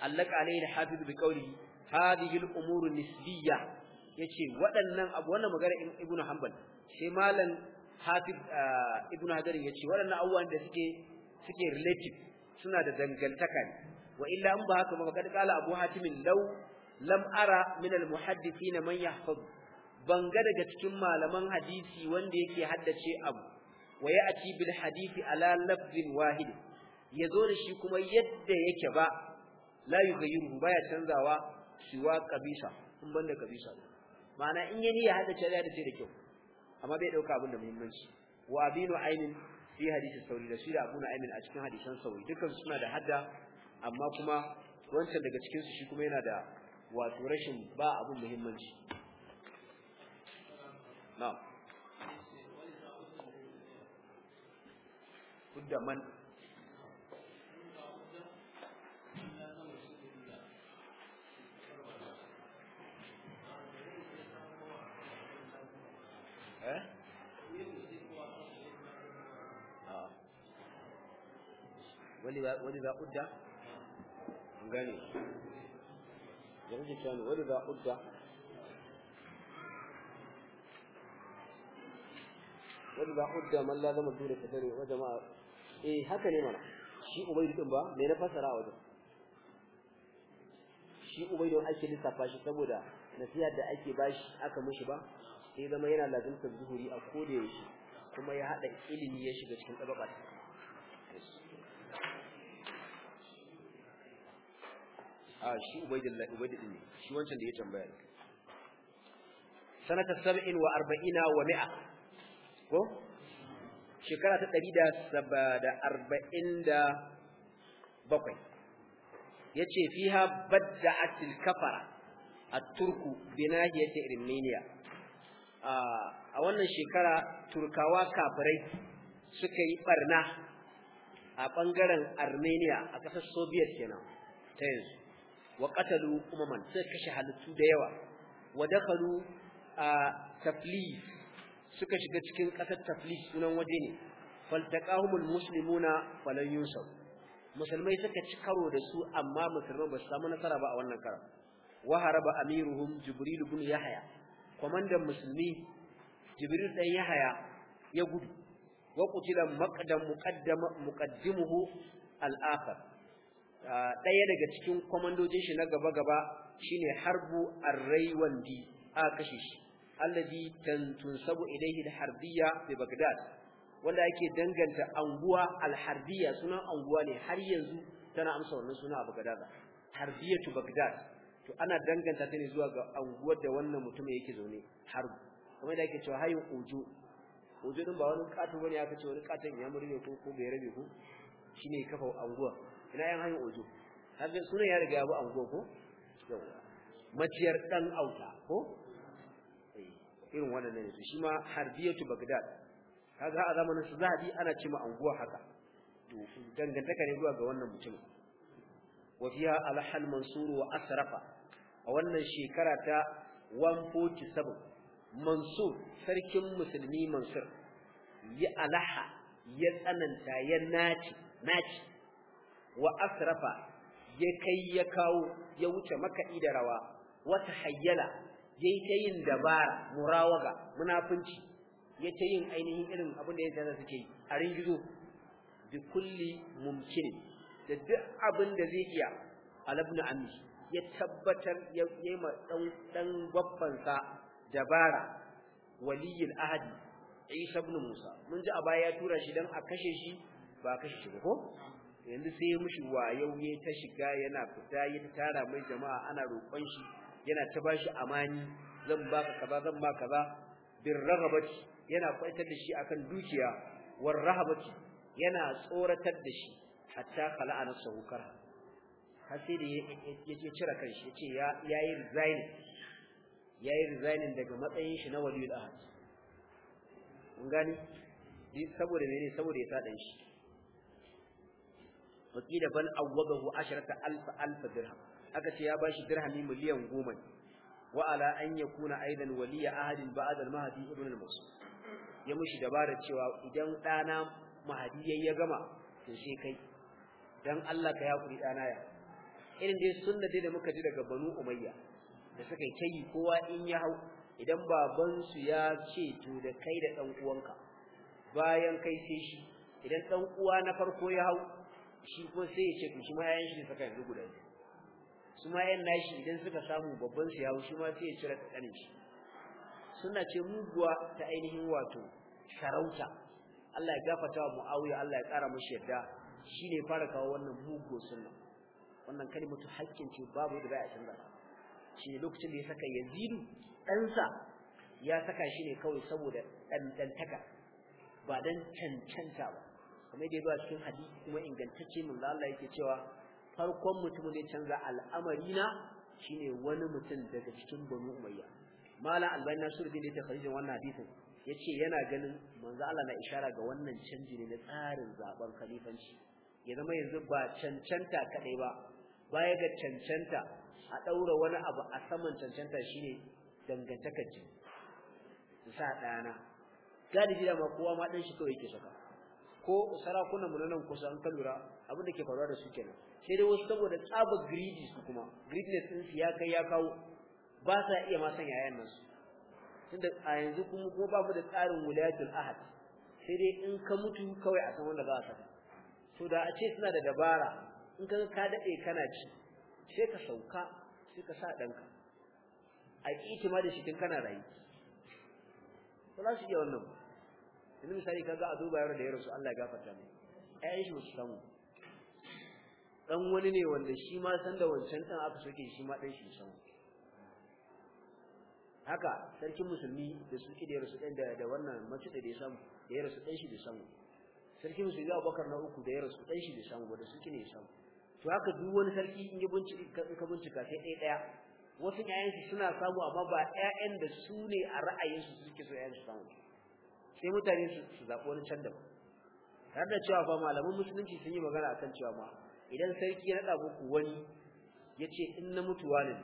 allaka alayhi da hafiz bi qawli hadhihi al-umur nisbiyya yace waɗannan abu wannan magana ibnu hanbal sai malam hafiz eh, ibn hajar ya ce waɗannan abubuwan da suke suke relative suna da dangantaka ne wa illa an ba haka ba kad qala abu hatim law lam ara min al muhaddithina man yahfaz banga daga cikin malaman hadisi wanda yake haddace abu wa ya'ti bil hadisi ala lafzin wahid zo da shi kuma yadda yake ba la yughayyiru baya canzawa siwa kabisa in banda kabisa ma'ana in yayi ya haddace ya haddace da kyau amma bai dauka abin da muhimmanci wa abinu ainin fi hadisi sauri da shi da abuna ainin a cikin hadisan sauri dukkan suna da hadda amma kuma wancan daga cikin su shi kuma yana da wato rashin ba abin muhimmanci na'am kudda man wani ba udda gane da kake cewa ne wani za udda wani za udda man la zama dole ka tare wa jama'a eh haka ne mana shi ubaidu din ba me na fasara a wajen shi ubaidu ake lissafa shi saboda nasiyar da ake bashi aka mishi ba sai zama yana lazimtar zuhuri a koda shi kuma ya hada ilimi ya shiga cikin tabaka a shi ubaidillah ubaidillah ne shi wancan da ya tambaya ne sanata sab'in wa arba'ina wa mi'a ko shekara ta ɗari da saba da arba'in da bakwai ya ce fiha badda atil kafara a turku binahiyar ta irmeniya a wannan shekara turkawa kafirai suka yi barna a ɓangaren armenia a ƙasar soviet kenan ta yanzu wa qatalu umaman sai kashe halittu da yawa wa a taflis suka shiga cikin kasar taflis sunan waje ne faltaqahumul muslimuna falan yusab musulmai suka ci karo da su amma musulmai ba su samu nasara ba a wannan kara wa haraba amiruhum jibril ibn yahya komandan musulmi jibril dan yahya ya gudu wa qutila maqdam muqaddama muqaddimuhu al-akhar Ah, ɗaya daga cikin komandojin shi na gaba-gaba shine harbu arraiwandi a kashe shi allazi tantunsabu ilayhi al-harbiyya bi bagdad wanda yake danganta anguwa al suna sunan anguwa ne har yanzu tana amsa wannan suna a bagdad harbiyatu bagdad to ana danganta ta ne zuwa ga anguwar da wannan mutum yake zaune harbu kamar da yake cewa hayin ujo ujo din ba wani katon bane aka ce wani katan ya murne ko ko bai rabe ko shine kafa anguwa ina yan hanyar ojo kaga sunan ya riga ya ango ko yawa maciyar dan auta ko eh, irin wannan ne su shi ma harbiyatu bagdad kaga a zamanin su zahabi ana cima anguwa haka to dangantaka ne zuwa ga wannan mutum wa fiha alhal mansur wa asrafa a wannan shekara ta 147 mansur sarkin musulmi mansur ya alaha ya tsananta ya naci naci wa asrafa ya kai ya kawo ya wuce makaɗi da rawa wata hayyala ya yi ta yin dabara murawaga munafunci ya ta yin ainihin irin abin da ya zana suke yi a ringizo bi kulli mumkinin da duk abin da zai iya alabna ammi ya tabbatar ya yi ma ɗan gwabbansa dabara waliyul ahadi Isa ibn Musa mun ji a baya ya tura shi dan a kashe shi ba kashe shi ba ko yanzu sai ya mushi wayau ya ta shiga yana fita ya tara mai jama'a ana roƙon shi yana ta bashi amani zan baka kaza zan baka kaza bir raghabati yana kwaitar da shi akan dukiya war rahabati yana tsoratar da shi hatta khala'a nafsahu karha har sai da ya cire kanshi yace ya yayi resign yayi resign daga matsayin shi na waliyul ahad mun gani saboda mene saboda ya sa dan shi wakila bal awwadahu asharata alf alf dirham aka ce ya bashi dirhami miliyan goma wa ala an yakuna aidan waliya ahadin ba'd al mahdi ibn al ya mushi dabara cewa idan dana mahdi ya gama to sai kai dan Allah ka yakuri dana ya irin dai sunna dai da muka ji daga banu umayya da suka yi kowa in ya hau idan babansu ya ce to da kai da dan uwanka bayan kai sai shi idan dan uwa na farko ya hau shi ko sai ya ce to shi ma yayin shi saka yanzu guda biyu su ma yan nashi idan suka samu babban su yawo shi ma sai ya cire kakanin shi suna ce muguwa ta ainihin wato sarauta Allah ya gafata wa Muawiya Allah ya kara mashi yadda shine fara kawo wannan mugo sunna wannan kalimatu hakkin ce babu da bai a canza shi lokacin da ya saka Yazid ɗansa ya saka shi ne kawai saboda taka ba dan cancanta ba kamar da ya zuwa cikin hadisi kuma ingantacce mun Allah yake cewa farkon mutumin da ya canza al'amari na shine wani mutum daga cikin banu umayya mala albani nasiruddin da ya tafi wannan hadisin yace yana ganin manzo Allah na ishara ga wannan canji ne na tsarin zaben khalifanci ya zama yanzu ba cancanta kadai ba baya ga cancanta a daura wani abu a saman cancanta shine dangantakar ji sa dana galibi da ma kowa ma dan shi kawai yake saka ko sarakunan mu nan kusa an kalura abin da ke faruwa da su kenan sai dai wasu saboda tsaba greedy su kuma greediness din su ya kai ya kawo ba sa iya ma san yayan nan su tunda a yanzu kuma ko ba mu da tsarin wilayatul ahad sai dai in ka mutu kawai a san wanda za a saka so da a ce suna da dabara in ka ka dade kana ci sai ka sauka sai ka sa danka a kici ma da shi tun kana rayu ba za su iya wannan ba yanzu misali ka ga a duba yaro da ya rasu Allah ya gafarta mai ai shi ba su samu dan wani ne wanda shi ma san da wancan dan aka soke shi ma dan shi samu haka sarkin musulmi da suke da rasu dan da wannan mace da ya samu da ya rasu dan shi da samu sarkin musulmi Abubakar na uku da ya rasu dan shi da samu wanda suke ne samu to haka duk wani sarki in ya bincika ka bincika sai ɗaya ɗaya wasu ƴaƴansu suna samu amma ba ƴaƴan da su ne a ra'ayinsu suke so ƴaƴansu samu sai mutane su zaɓi wani can daban har da cewa fa malaman musulunci sun yi magana akan cewa ma idan sarki ya naɗa muku wani ya ce in na mutuwa ne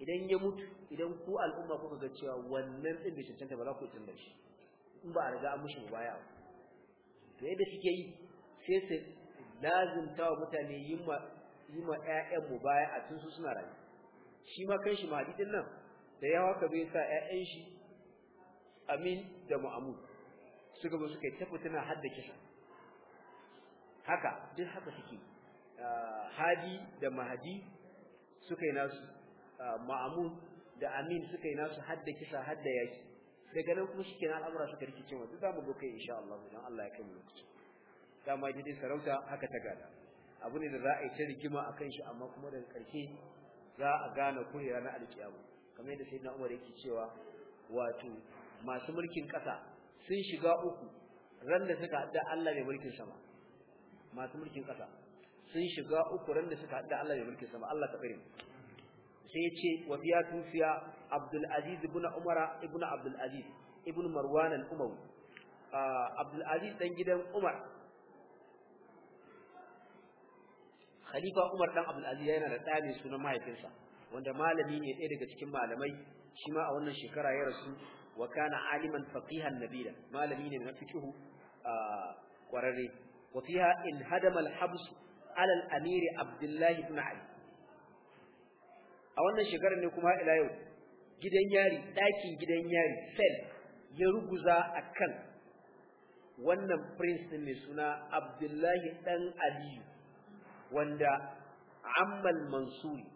idan ya mutu idan ku al'umma kuka ga cewa wannan ɗin bai cancanta ba za ku tun da shi in ba a riga an mushi baya ba. to yadda suke yi sai su lazimta wa mutane yi ma yi ƴaƴan mu baya a tun su suna rayu shi ma kanshi ɗin nan da yawa ka bai sa ƴaƴan shi amin da mu'amud suka zo suka yi tafi fitina hadda kisa haka duk haka suke ah, hadi da mahadi suka yi nasu ah, ma'amun da amin suka yi nasu hadda kisa hadda yaki daga nan kuma shike na al'amura suka rike wa duk zamu kai insha Allah dan Allah ya kai mu lokaci dama dai sarauta haka ta gada abu ne da za a yi ta rigima akan shi amma kuma daga karshe za a gane kurera na alƙiyamu kamar yadda sayyidina Umar yake cewa wato masu mulkin ƙasa. sun shiga uku ran da suka haɗa Allah mai mulkin sama masu mulkin ƙasa sun shiga uku ran da suka haɗa Allah mai mulkin sama Allah ta bari sai ya ce wa fiya tufiya Abdul Aziz ibn Umar ibn Abdul Aziz ibn Marwan al-Umawi ah, Abdul Aziz dan gidan Umar Khalifa Umar dan Abdul Aziz yana da ɗa sunan mahaifinsa wanda malami ne ɗaya daga cikin malamai shi ma a wannan shekara ya rasu wa kana aliman faqihan nabila malami ne na fiqh kwararre wa in hadama al-habs ala al-amir abdullah ibn a wannan shekarar ne kuma ila yau gidan yari dakin gidan yari sel ya ruguza akan wannan prince din mai suna abdullahi ɗan aliyu wanda ammal mansuri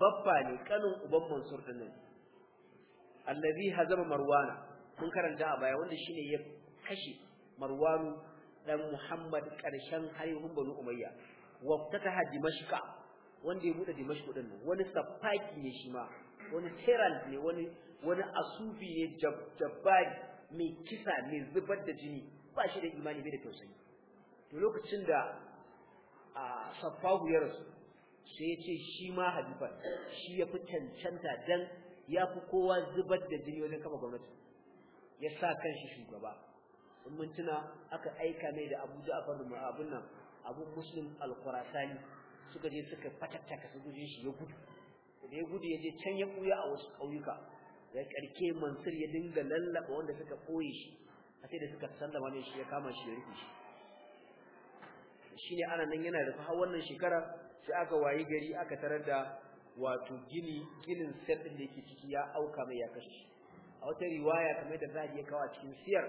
Baffa ne kanin uban mansur din nan allazi hazama marwana mun karanta a baya wanda shine ya kashe marwanu dan muhammad karshen harihun banu umayya wa fataha wanda ya bude dimashku din nan wani safaki ne shi ma wani herald ne wani wani asufi ne jabbari mai kisa mai zubar da jini ba shi da imani bai da tausayi to lokacin da a safahu ya rasu sai ya ce shi ma halifa shi ya fi cancanta dan ya fi kowa zubar da jini wajen kafa gwamnati ya sa kanshi shugaba in mun tuna aka aika mai da Abu Ja'far da abun nan Abu Muslim Al-Qurasani suka je suka ka su shi ya gudu da ya gudu ya je can ya ɓuya a wasu ƙauyuka da karke Mansur ya dinga lallaba wanda suka koye shi a sai da suka sallama ne shi ya kama shi ya rufe shi shine ana nan yana da har wannan shekara sai aka wayi gari aka tarar da wato gini ginin set din da yake ciki ya auka mai ya kashe a wata riwaya kamar da zaji ya kawo cikin siyar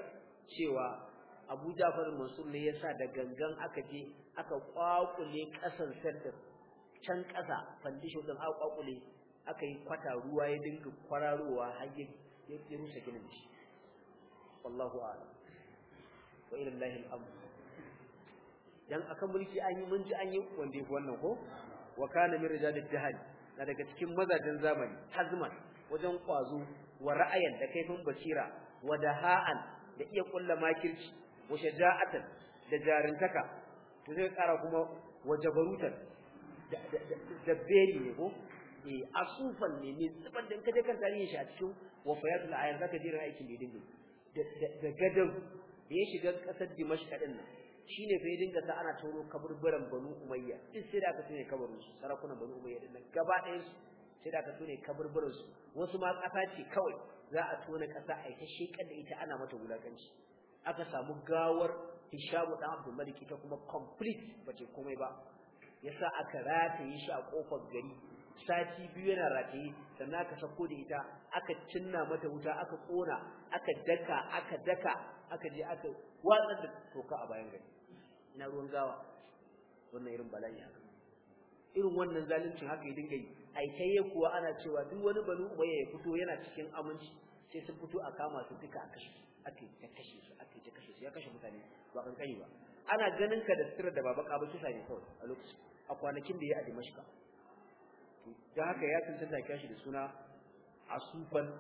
cewa Abu Ja'far Mansur ne yasa da gangan aka je aka kwakule kasan set din can kasa fandisho din aka kwakule aka yi kwata ruwa ya dinga kwararowa har ya ya rusa ginin shi wallahu a'lam wa ila Allah al-amr dan mulki an yi mun ji an yi wanda yake wannan ko wa kana min rijalil jahal na daga cikin mazajin zamani hazman wajen kwazo wa ra'ayan da kaifin basira wa daha'an da iya kulla makirci wa shaja'atan da jarintaka to zai kara kuma wa da beri ne ko eh, asufan ne ne tsiban da kaje kan tarihin shi a cikin wafayatul ayan zaka jira aikin didin da gadan da ya shiga kasar dimashq din nan shine fa ya dinga sa ana taro kaburburan banu umayya in sai da aka tune kabarin su sarakunan banu umayya din gaba ɗayan sai da aka tune kaburburan su wasu ma ƙasa ce kawai za a tona kasa a ita shekar da ita ana mata wulakanci aka samu gawar Hishamu dan Abdul Malik ta kuma complete bace komai ba yasa aka rataye shi a kofar gari sati biyu yana rataye sannan aka sako da ita aka cinna mata wuta aka kona aka daka aka daka aka je aka watsar da toka a bayan gari ina ruwan gawa wannan irin bala'i haka irin wannan zaluncin haka ya dinga yi aikaye kuwa ana cewa duk wani banu umayya ya fito yana cikin aminci sai sun fito a kama su duka a kashe ake ta kashe su ake ta kashe su ya kashe mutane ba kankani ba ana ganin ka da sirrar da baba ka ba kisa ne kawai a lokacin a kwanakin da ya a Dimashka da haka ya tantance kashi da suna asufan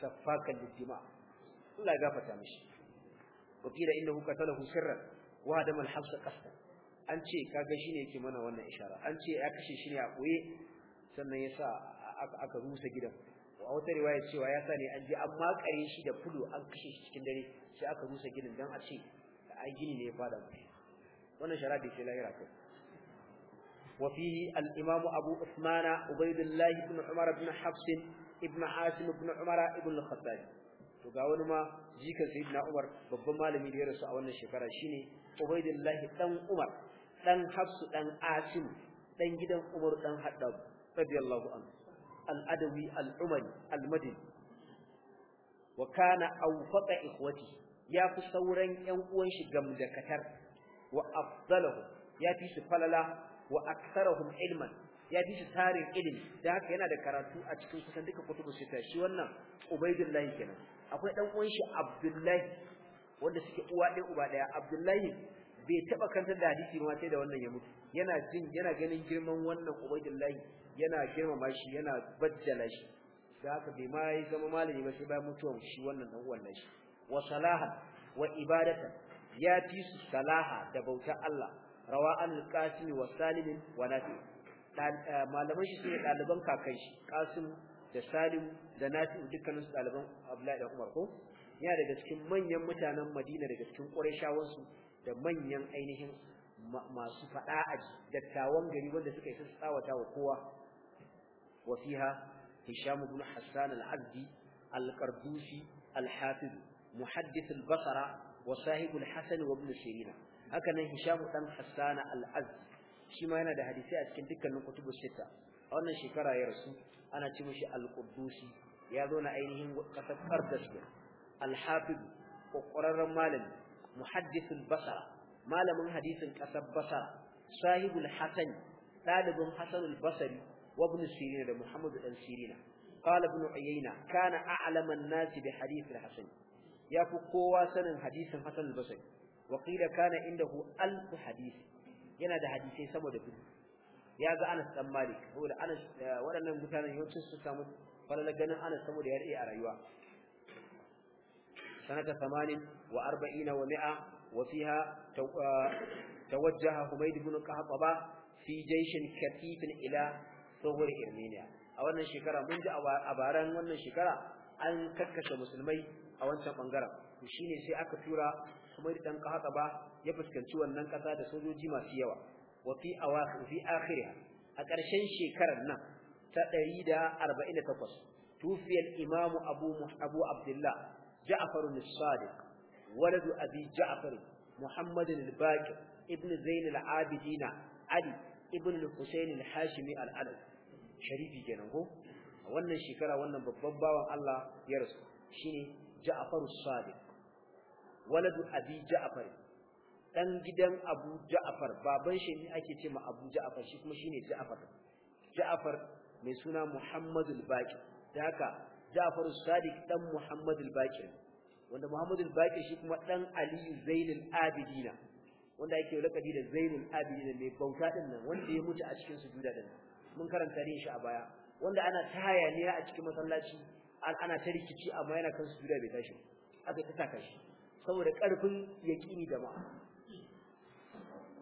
safakan lidima Allah ya gafarta mishi وقيل إنه قتله سرا وهدم الحبس قصدا an ce kaga shine yake mana wannan ishara an ce ya kashe shi ne a koye sannan ya sa aka rusa gidan a wata riwaya cewa ya sa ne an je an makare shi da fulo an kashe shi cikin dare sai aka rusa gidan dan a ce a gini ne ya fada mai wannan shara bai ce al imamu abu usmana ubaidullah ibn umar ibn hafs ibn umar ibn to ga wani ma jikan sayyidina Umar babban malami da ya rasu a wannan shekara shine Ubaidillah dan Umar dan Hafsu dan Asim dan gidan Umar dan Haddab radiyallahu anhu al-Adawi al-Umari al-Madini wa kana awfaqa ikhwati ya fi sauran 'yan uwan shi gamdakatar wa afdalahu ya fi su falala wa aktharuhum ilman ya fi su tarin ilimi da haka yana da karatu a cikin kusan duka kutubu sita shi wannan ubaidillahi kenan akwai dan uwan shi Abdullahi wanda suke uwa ɗaya uba ɗaya Abdullahi bai taba kanta da hadisi ma sai da wannan ya mutu yana jin yana ganin girman wannan Ubaydullahi yana girmama shi yana bajjala shi da haka bai ma zama malami ba sai bayan mutuwar shi wannan dan uwan shi wa salaha wa ibadata ya fi su salaha da bautar Allah rawa al-qasim wa salim wa nafi eh, malaman shi sai ɗaliban kakan shi qasim da Salim da Nafi'u dukkanin ɗaliban Abdullahi da Umar ko yana daga cikin manyan mutanen Madina daga cikin Qurayshawan su da manyan ainihin masu faɗa a dattawan gari wanda suka yi tsawata wa kowa wa fiha Hisham ibn Hassan al-Azdi al-Qardusi al-Hafiz muhaddith al-Basra wa sahib al-Hasan wa ibn Sirin haka Hisham dan Hassan al-Azdi shi ma yana da hadisi a cikin dukkanin kutubus sita a wannan shekara ya rasu ana ce mishi al ya zo na ainihin kasar qardash al-hafid ƙwararren malami muhaddisul basara malamin hadisin ƙasar basara sahibul hasan ɗalibin hasanul basari wa ibn sirina da muhammadu dan sirina qala ibn uyayna kana alama an-nasi bi hadithil hasan ya fi kowa sanin hadisin hasanul basari wa qila kana indahu alf hadith yana da hadisai sama da biyu ya ga Anas dan Malik saboda Anas eh, waɗannan mutanen yawanci su samu falala ganin Anas saboda ya rike a rayuwa sanata samanin wa arba'ina wa 100 wa fiha eh, tawajjaha حميد ibn قحطبة fi jayshin katifin ila ثغر إرمينيا a wannan shekara mun ji a baran wannan shekara an kakkashe musulmai a wancan bangaren shi shine sai aka tura Humayd dan Qahtaba ya fuskanci wannan kasa da sojoji masu yawa wa fi awakhir fi a ƙarshen shekarar nan ta da tufiya al-imamu abu abu abdullah ja'far as-sadiq waladu abi ja'far muhammad al-baqir ibn zain al ali ibn husayn al-hashimi al-alawi sharifi kenan ko wannan shekara wannan babban bawan Allah ya rasu shine ja'far sadiq waladu abi ja'far dan gidan Abu Ja'far baban shi ne ake cewa Abu Ja'far shi kuma shine Ja'far Ja'far mai suna Muhammadul Baqi da haka Ja'far Sadiq dan Muhammadul Baqi wanda Muhammadul Baqi shi kuma dan Ali Zainul Abidina wanda yake lokaci da Zainul Abidina mai bauta din nan wanda ya mutu a cikin sujuda din mun karanta ne shi a baya wanda ana ta hayaniya a cikin masallaci ana ta rikici amma yana kan sujuda bai tashi aka ta saka shi saboda karfin yaqini jama'a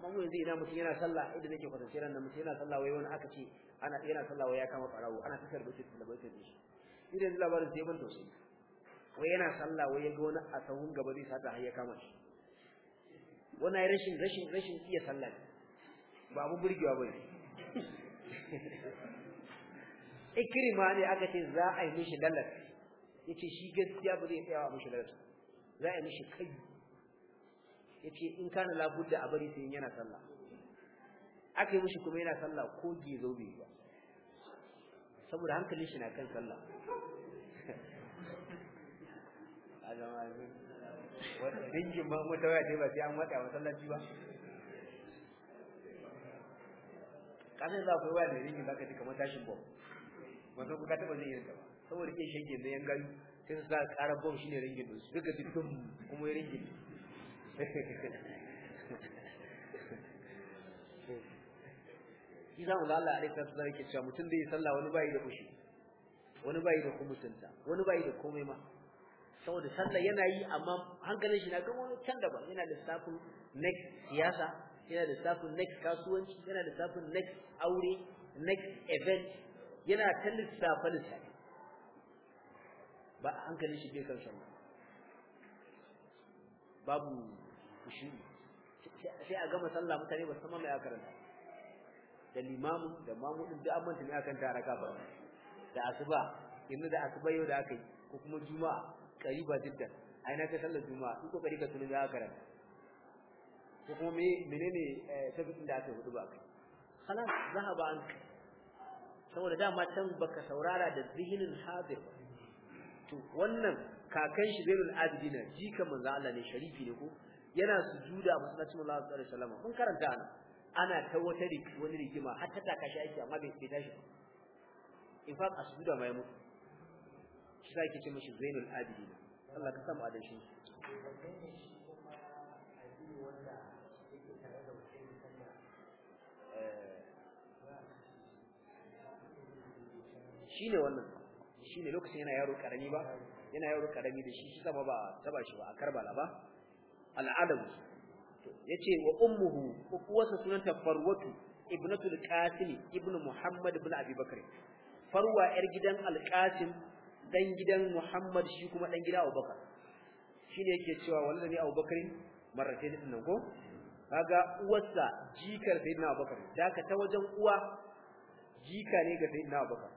amma mu yanzu ina mutun yana sallah inda nake kwatance ran nan mutun yana sallah wai wani aka ce ana yana sallah wai ya kama farawo ana tsakar da shi da baita shi idan yanzu labarin sai ban tausayi wai yana sallah wai ya ga wani a sahun gaba zai sata har ya kama shi wani ai rashin rashin rashin iya sallah ba mu burgewa bane ikrima ne aka ce za a yi mishi lalat yace shi gaskiya ba zai tsaya mishi lalat za a yi mishi kai yace in kana labudda a bari sai yana sallah aka yi mushi kuma yana sallah ko gizo bai ba saboda hankalin shi na kan sallah a zama wata dingin ma mota waya dai ba sai an wata masallaci ba kasan za ku yi waya da dingin baka ji kamar tashin bom wanda ku ka taba zai yin ta ba saboda ke shege da yan gari sai su sa ƙara bom shine ringin su duka dukkan kuma ya ringin shi zamu da a alaihi wasallam yake cewa mutum da yi sallah wani bai da kushi wani bai da kumusunta wani bai da komai ma saboda sallah yana yi amma hankalin shi na kan wani can gaba yana da safin next siyasa yana da safin next kasuwanci yana da safin next aure next event yana ta lissafa lissafi ba hankalin shi ke kan sallah babu shi sai a gama sallah mutane ba san mai karanta da limamu da mamu din da amman ne akan taraka ba da asuba inda da asuba yau da aka yi ko kuma juma'a qariba jidda ai na ka sallar juma'a duk kokari ka tuni za ka karanta ko kuma me menene eh, sabbin da aka hudu ba kai khalas zahaba an saboda dama can baka saurara da zihinin hadir to wannan kakan shi zainul abidin jika manzo Allah ne sharifi ne ko yana sujuda a masallacin Allah sallallahu alaihi wasallam mun karanta ana ana ta wata wani rigima har ta taka shi aiki amma bai fita shi ba in fa a sujuda mai mutu shi zaki ce mishi Zainul Abidin Allah ka samu adalci eh. shi ne wannan shi ne lokacin yana yaro karami ba yana yaro karami da shi shi sama ba taba shi ba a karbala ba al'alawi ya ce wa ummuhu uwarsa sunanta farwatu ibnatu al-qasim ibnu muhammad ibn abi bakr farwa yar gidan al-qasim dan gidan muhammad shi kuma dan gida abubakar shine yake cewa wallahi abubakar marratain din nan ko kaga uwarsa jikar sayyidina abubakar daka ta wajen uwa jika ne ga sayyidina abubakar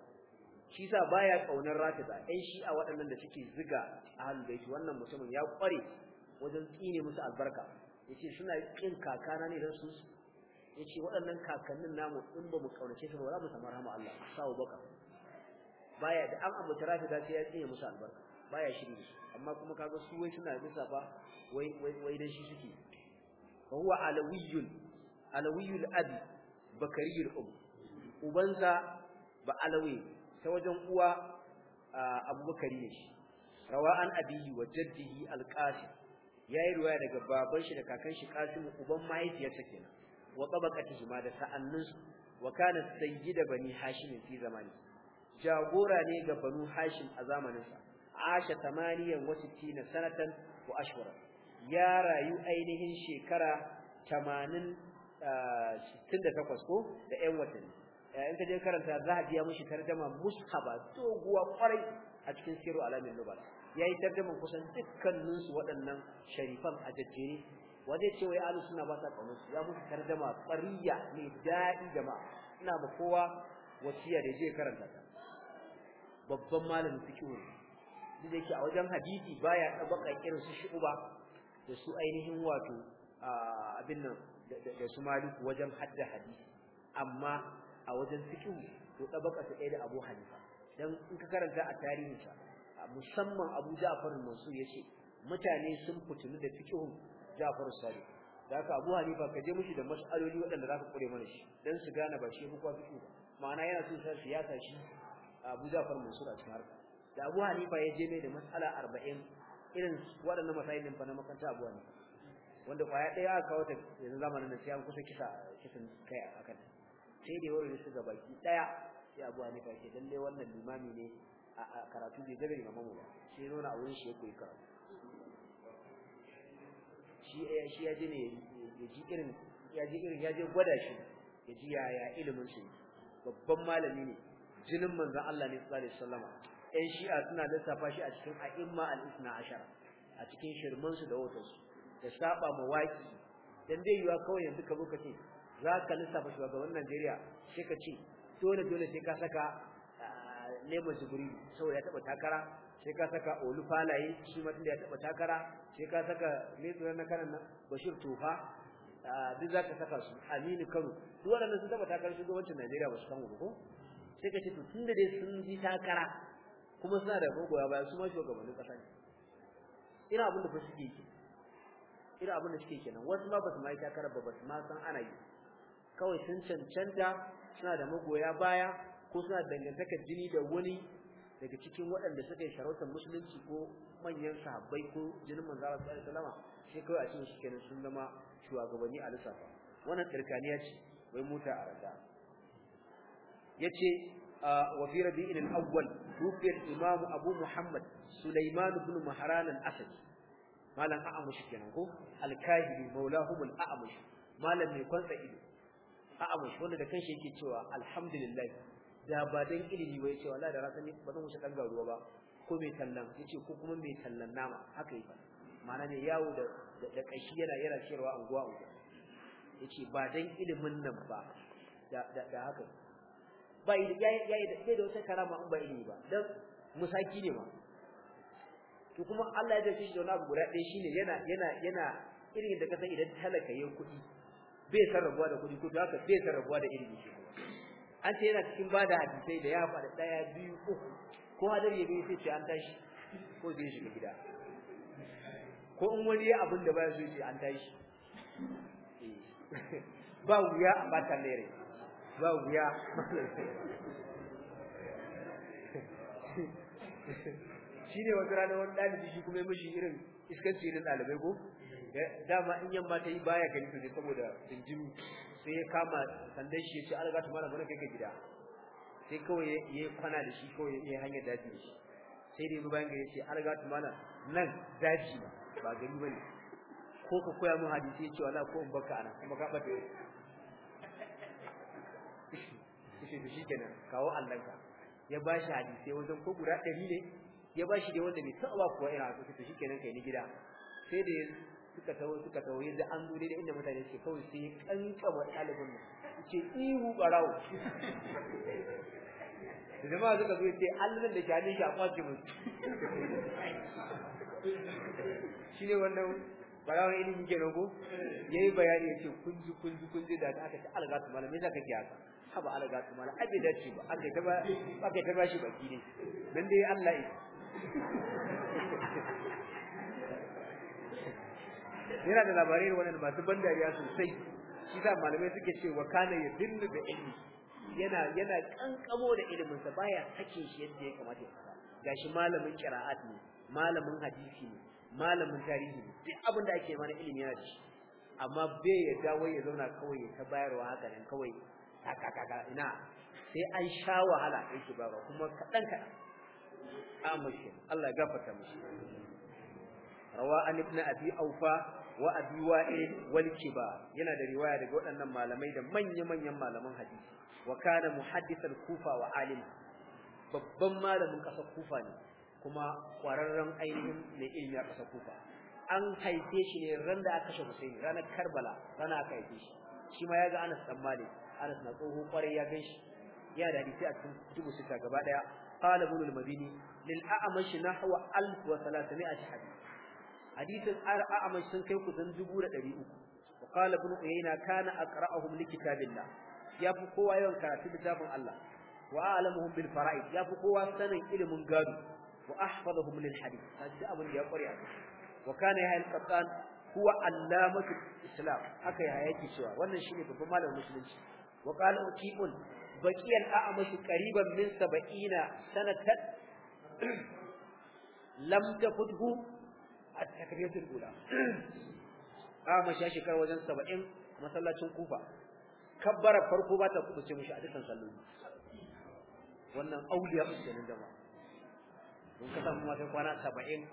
shi sa baya kaunar rafida ai shi a waɗannan da suke ziga ahlul bait wannan mutumin ya kware wajen tsine musu albarka yace suna kin kakana ne dan su yace waɗannan kakannin namu in ba mu kaunace su ba za mu samu rahama Allah sawu baka baya da an abu tarafi da sai ya tsine musu albarka baya shiri amma kuma kaga su wai suna bisa ba wai wai wai dan shi suke fa huwa alawiyyun alawiyyul abi bakariyul um ubansa ba alawi ta wajen uwa ah, abubakari ne shi rawa an abi wa jaddihi alqasim yayi ruwaya daga baban shi da kakan shi Qasim uban mahaifiyarsa kenan wa tabaqatihi ma da sa'annin su wa kana sayyida bani Hashim fi zamani jagora ne ga banu Hashim a zamanin sa Asha sittina sanatan wa ashhura ya rayu ainihin shekara 80 68 ah, ko da 'yan watanni eh, in ka je karanta zahabi ya mushi tarjama mushaba guwa kwarai a cikin siru alamin nubala ya yi tarjaman kusan dukkaninsu waɗannan sharifan a jajjere wa zai ce wai alu suna ba sa kaunar su ya musu tarjama tsariya mai daɗi jama'a ina ba kowa wasiya da je karanta ta babban malamin fiqh duk da yake a wajen hadisi baya tabaka irin su uba da su ainihin wato abin nan da su maliku wajen hadda hadisi amma a wajen fiqh to tabaka su ɗaya da Abu Hanifa dan in ka karanta a tarihin sa musamman Abu Ja'far ya ce mutane sun fitinu da fikihun Ja'far Sadiq da haka Abu Halifa ka je mishi da mas'aloli waɗanda zaka kure mana shi dan su gane ba shi kuwa fikihu ba ma'ana yana son sa siyasa shi Abu Ja'far Mansur a cikin harka da Abu Halifa ya je mai da mas'ala 40 irin waɗannan masailin fa na makanta Abu ne. wanda kwaya ɗaya aka kawo ta yanzu zamanin da sai an kusa kisa kisan kai akan sai da horo su ga baki ɗaya sai Abu Halifa ke lalle wannan limami ne a karatu bai gabe ga mamu ba sai nuna a wurin shi ya koyi karatu shi ya eh, shi ya ji ne ya ji irin ya ji irin ya je gwada shi ya ji yaya ilimin shi babban malami ne jinin manzon Allah ne sallallahu alaihi wasallam ɗan shi'a suna lissafa shi a cikin a'imma al-isna ashara a cikin shirman su da wutar su da saba waki dan dai yiwa kawai yanzu ka zo ka ce za ka lissafa shugaban Najeriya sai ka ce dole dole sai ka saka lema jibril saboda ya taba takara sai ka saka olufalaye shi ma tunda ya taba takara sai ka saka me na karan nan bashir tufa duk za ka saka su aminu kano duk wannan sun taba takarar wancan najeriya ba su kan gobe ko sai ka ce to tunda dai sun ji takara kuma suna da gogoya bayan su ma shugabannin ƙasa ne ina abin da fa suke yi ina abin da suke kenan wasu ma ba su ma yi takara ba ba su ma san ana yi kawai sun cancanta suna da magoya baya ko suna dangantakar jini da wani daga cikin waɗanda suka yi sarautar musulunci ko manyan sahabbai ko jinin manzo Allah sallallahu alaihi sai kawai a cikin shi kenan sun zama shugabanni a lissafa wannan tsirkaniya ce wai mota a raga yace wa fi rabi'il al-awwal tufi al-imam Abu Muhammad Sulaiman ibn Mahran al-Asadi malam a'amush kenan ko al-kahili maulahum al-a'amush malam mai kwantsa ido a'amush wanda da kanshi yake cewa alhamdulillah da ba dan ilimi ba yace wallahi da rasani ba zan wuce dan garuwa ba ko mai tallan yace ko kuma mai tallan nama haka yi ma'ana ne yawo da da kashi yana yana cewa unguwa unguwa yace ba dan ilimin nan ba da da haka ba yi yayi yayi da sai da wata karama in ba ilimi ba dan musaki ne ma to kuma Allah ya ce shi da wani abu guda ɗaya shine yana yana yana irin da san idan talaka yin kuɗi bai sarrafa da kuɗi ko haka bai sarrafa da ilimi shi ba. an ce yana cikin ba da hadisai da ya faɗa ɗaya biyu uku ko hadari ya gani sai ce an tashi ko zai shiga gida ko in wani ya abin da ba zai ce an tashi eh. ba wuya a bata lere ba wuya shi ne wata rana wani ɗalibi shi kuma ya irin iskanci irin ɗalibai ko dama in yamma ta yi baya gani to ne saboda jinjin sai ya kama sandan shi ya ce an gata malam kai ka gida sai kawai ya kwana da shi kawai ya hanyar daji da shi sai dai bayan gari ce an gata malam nan daji ba gari bane ko ka koya min hadisi ya ce wala ko in baka ana kuma ka bata shi shi kenan kawo ka ya bashi hadisi wajen ko guda 100 ne ya bashi dai wanda bai taɓa ba kuwa irin haka shi kenan kai ni gida sai dai. suka tawo suka tawo yanzu an zo da inda mutane suke kawai sai wa ɗalibin nan ce ihu da jama'a suka zo ce Allah da ke hannun shi a kwace musu shi ne wannan ɓarawon ilimin kenan ko ya yi bayani ji ce ji kunji kunji da aka ce alga su malam me za ke haka haba alga su malam ai da ci ba aka aka ta ba shi baki ne dan dai Allah ya yana da labarai wannan masu ban dariya sosai shi da malamai suke ce wa kana ya dillu da ilmi yana yana kankamo da ilmin sa baya sake shi yadda ya kamata ya gashi malamin qira'at ne malamin hadisi ne malamin tarihi ne duk abin da ake mana ilimi yana da shi amma bai ya dawo ya zauna kawai ya ta bayarwa haka nan kawai haka ina sai an sha wahala yake baba kuma kaɗan-kaɗan. kadan amushin Allah ya gafarta mushi rawa an ibn abi aufa wa abi wa'il wal yana da riwaya daga waɗannan malamai da manya-manyan malaman hadisi wa kana muhaddithal kufa wa alim babban malamin ƙasar kufa ne kuma ƙwararren ainihin mai ilimi a ƙasar kufa an haife shi ne ran da aka kashe Husaini ranar Karbala rana aka haife shi shi ma ya ga Anas dan Malik Anas na tsoho kwarai ya gan shi ya da hadisi a cikin kutubu sita gaba daya qala ibn al-madini lil a'mashi nahwa 1300 hadisi hadisin a'amash sun kai kusan 1300 wa qala ibn uyayna kana aqra'uhum li kitabillah yafi kowa yawan karatu littafin Allah wa a'lamuhum bil fara'id yafi kowa sanin ilimin gado wa ahfazuhum lil hadith sai abin da ya kware a wa kana ya al-qattan huwa allamatul islam haka ya yake cewa wannan shine babban malamin musulunci wa qala uqibun baqiyan a'amash qariban min 70 sanatan lam tafuthu at-takbiratul ula Ahmad ya shekara wajen 70 masallacin Kufa kabbara farko ba ta kubuce mushi a dukkan salloli wannan auliya ne nan da ba. mun ka samu ma kwana 70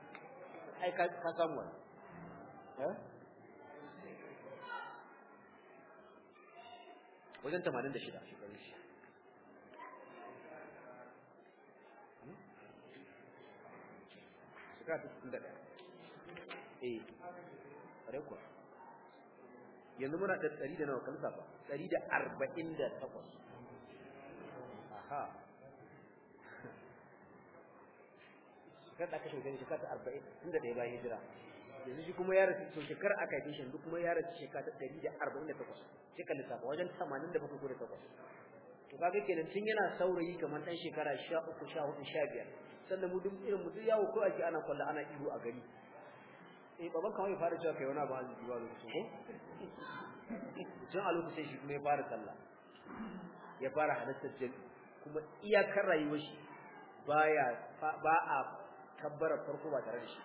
ai ka samu wa eh wajen 86 eh rekwa yanzu muna da 100 da nawa kalsa 148 aha kada aka shiga 40 tunda da ya bayi jira. yanzu shi kuma ya rasu to shekar aka yi shi kuma ya rasu 148 lissafa wajen 87 ko 8 to kaga kenan tun yana saurayi kamar dan shekara 13 14 15 sannan mu duk irin mu duk yawo ko ana kwalla ana ido a gari eh baban kamar ya fara cewa kai wani abu arziki ba lokacin ko tun a lokacin shi kuma ya fara sallah ya fara halittar jami kuma iyakar rayuwar shi baya ba a kabbara farko ba tare da shi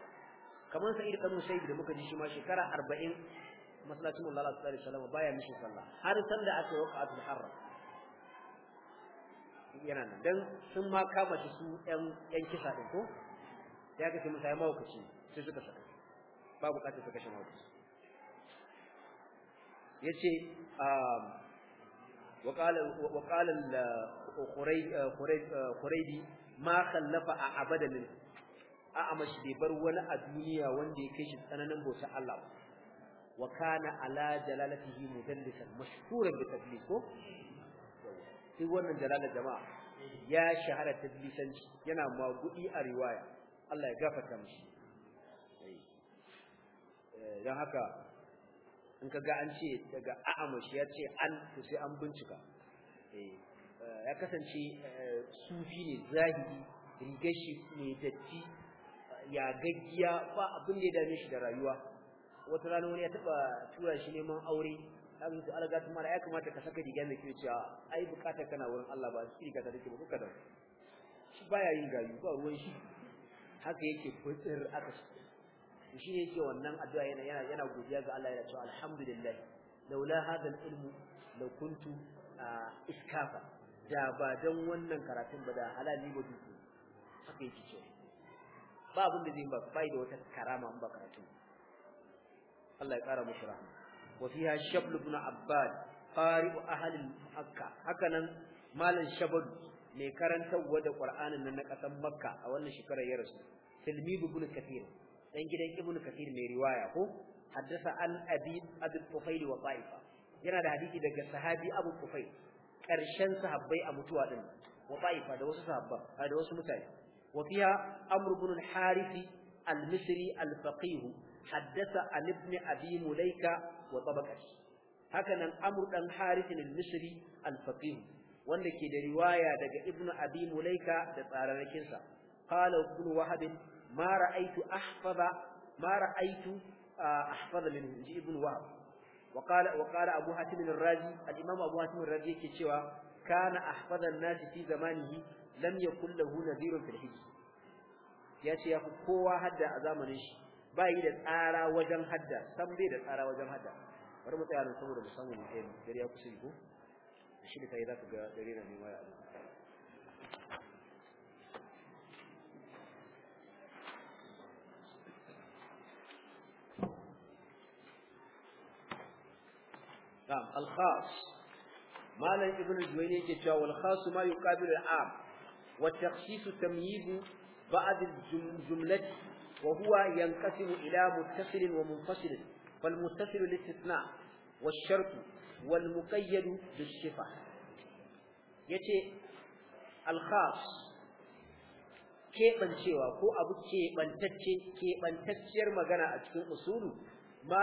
kamar sa'id kanu sai da muka ji shi ma shekara 40 masallacin Allah sallallahu alaihi wasallam baya mishi sallah har da aka yi waqatul haram yana nan dan sun ma kama su yan yan kisa din ko ya ga sai mun sai ce sai suka saka ba bukatar su kashe mawuci ya ce um, waƙalar ƙuraibi uh, uh, uh, ma kallafa a abadalin a amashi bai bar wani a duniya wanda ya kai shi tsananin bauta Allah ba wa kana ala jalalatihi mudallisan mashhuran bi tadliso sai wannan jalalar jama'a ya shahara tadlisanci yana magudi a riwaya Allah ya gafarta mishi Eh, don haka in ka ga an ce daga a'amash ya ce an to sai an bincika eh, eh, ya kasance sufi ne zahiri rigashi shi mai datti ya gaggiya ba abin da ya dame shi da rayuwa wata rana wani ya taba tura shi neman aure ya zo alaga tuma da ya kamata ka saka riga mai kyau cewa ah, ai bukatar kana wurin Allah ba shi riga ta take ba kuka da shi baya yin gayu ba ruwan shi haka yake fitir aka shi ne yake wannan addu'a yana yana yana godiya ga Allah yana cewa alhamdulillah laula hadha ilmu law kuntu iskafa da ba dan wannan karatun ba da halali ba duk haka yake ce ba abin da zai ba bai da wata karama ba karatu Allah ya kara mushi rahama wa fiha shabl ibn abbad qari'u ahli makkah haka nan malam shabadu mai karantarwa da qur'anin nan na kasan makka a wannan shekarar ya rasu tilmidu ibn kathir dan gidan ibnu kathir mai riwaya ko haddasa Al-Abid abi tufail wa taifa yana da hadisi daga sahabi abu tufail karshen sahabbai a mutuwa din wa taifa da wasu sahabban da wasu mutane wa fiha amr ibn al-harith al-misri al-faqih haddasa al ibn abi mulaika wa tabaqati hakanan amr dan harith al-misri al-faqih wanda ke da riwaya daga ibnu abi mulaika da tsararrakin sa qala ibn wahab ma ra'aitu ahfaza ma ra'aitu min ji ibn wahab abu hatim ar-razi abu hatim ar yake cewa kana ahfaza an-nas fi lamya lam yakul lahu nadhirun fil hijj yace ya kowa hadda a zamanin shi ba yi da tsara wajen hadda san bai da tsara wajen hadda zaka ga dare al-ahkam al-khas malam ibnu juwayn yake cewa wal khas ma yuqabilu al-am wa takhsis tamyiz ba'd al-jumlati wa huwa yanqasimu ila muttasil wa munfasil fal muttasil lil-istithna wal shart wal muqayyad bil-shifa yace al-khas ko abu keɓantacce magana a cikin usulu ma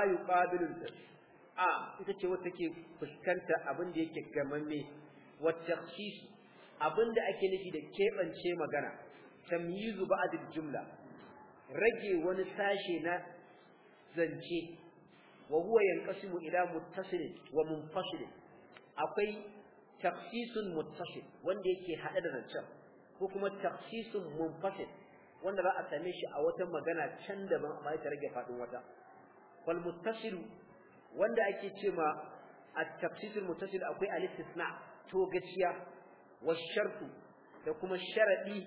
a ita ce wata ke fuskanta abin da yake gamamme wacce shi abin da ake nufi da keɓance magana tamyizu duk jumla rage wani sashe na zance wa huwa yanqasimu ila muttasil wa munfasil akwai takhsisun muttasil wanda yake hada da zancen ko kuma takhsisun munfasil wanda za a same shi a wata magana can daban ba ta rage faɗin wata wal wanda ake ce ma at-tafsir al akwai al-istisna to gaciya wa shartu da kuma sharadi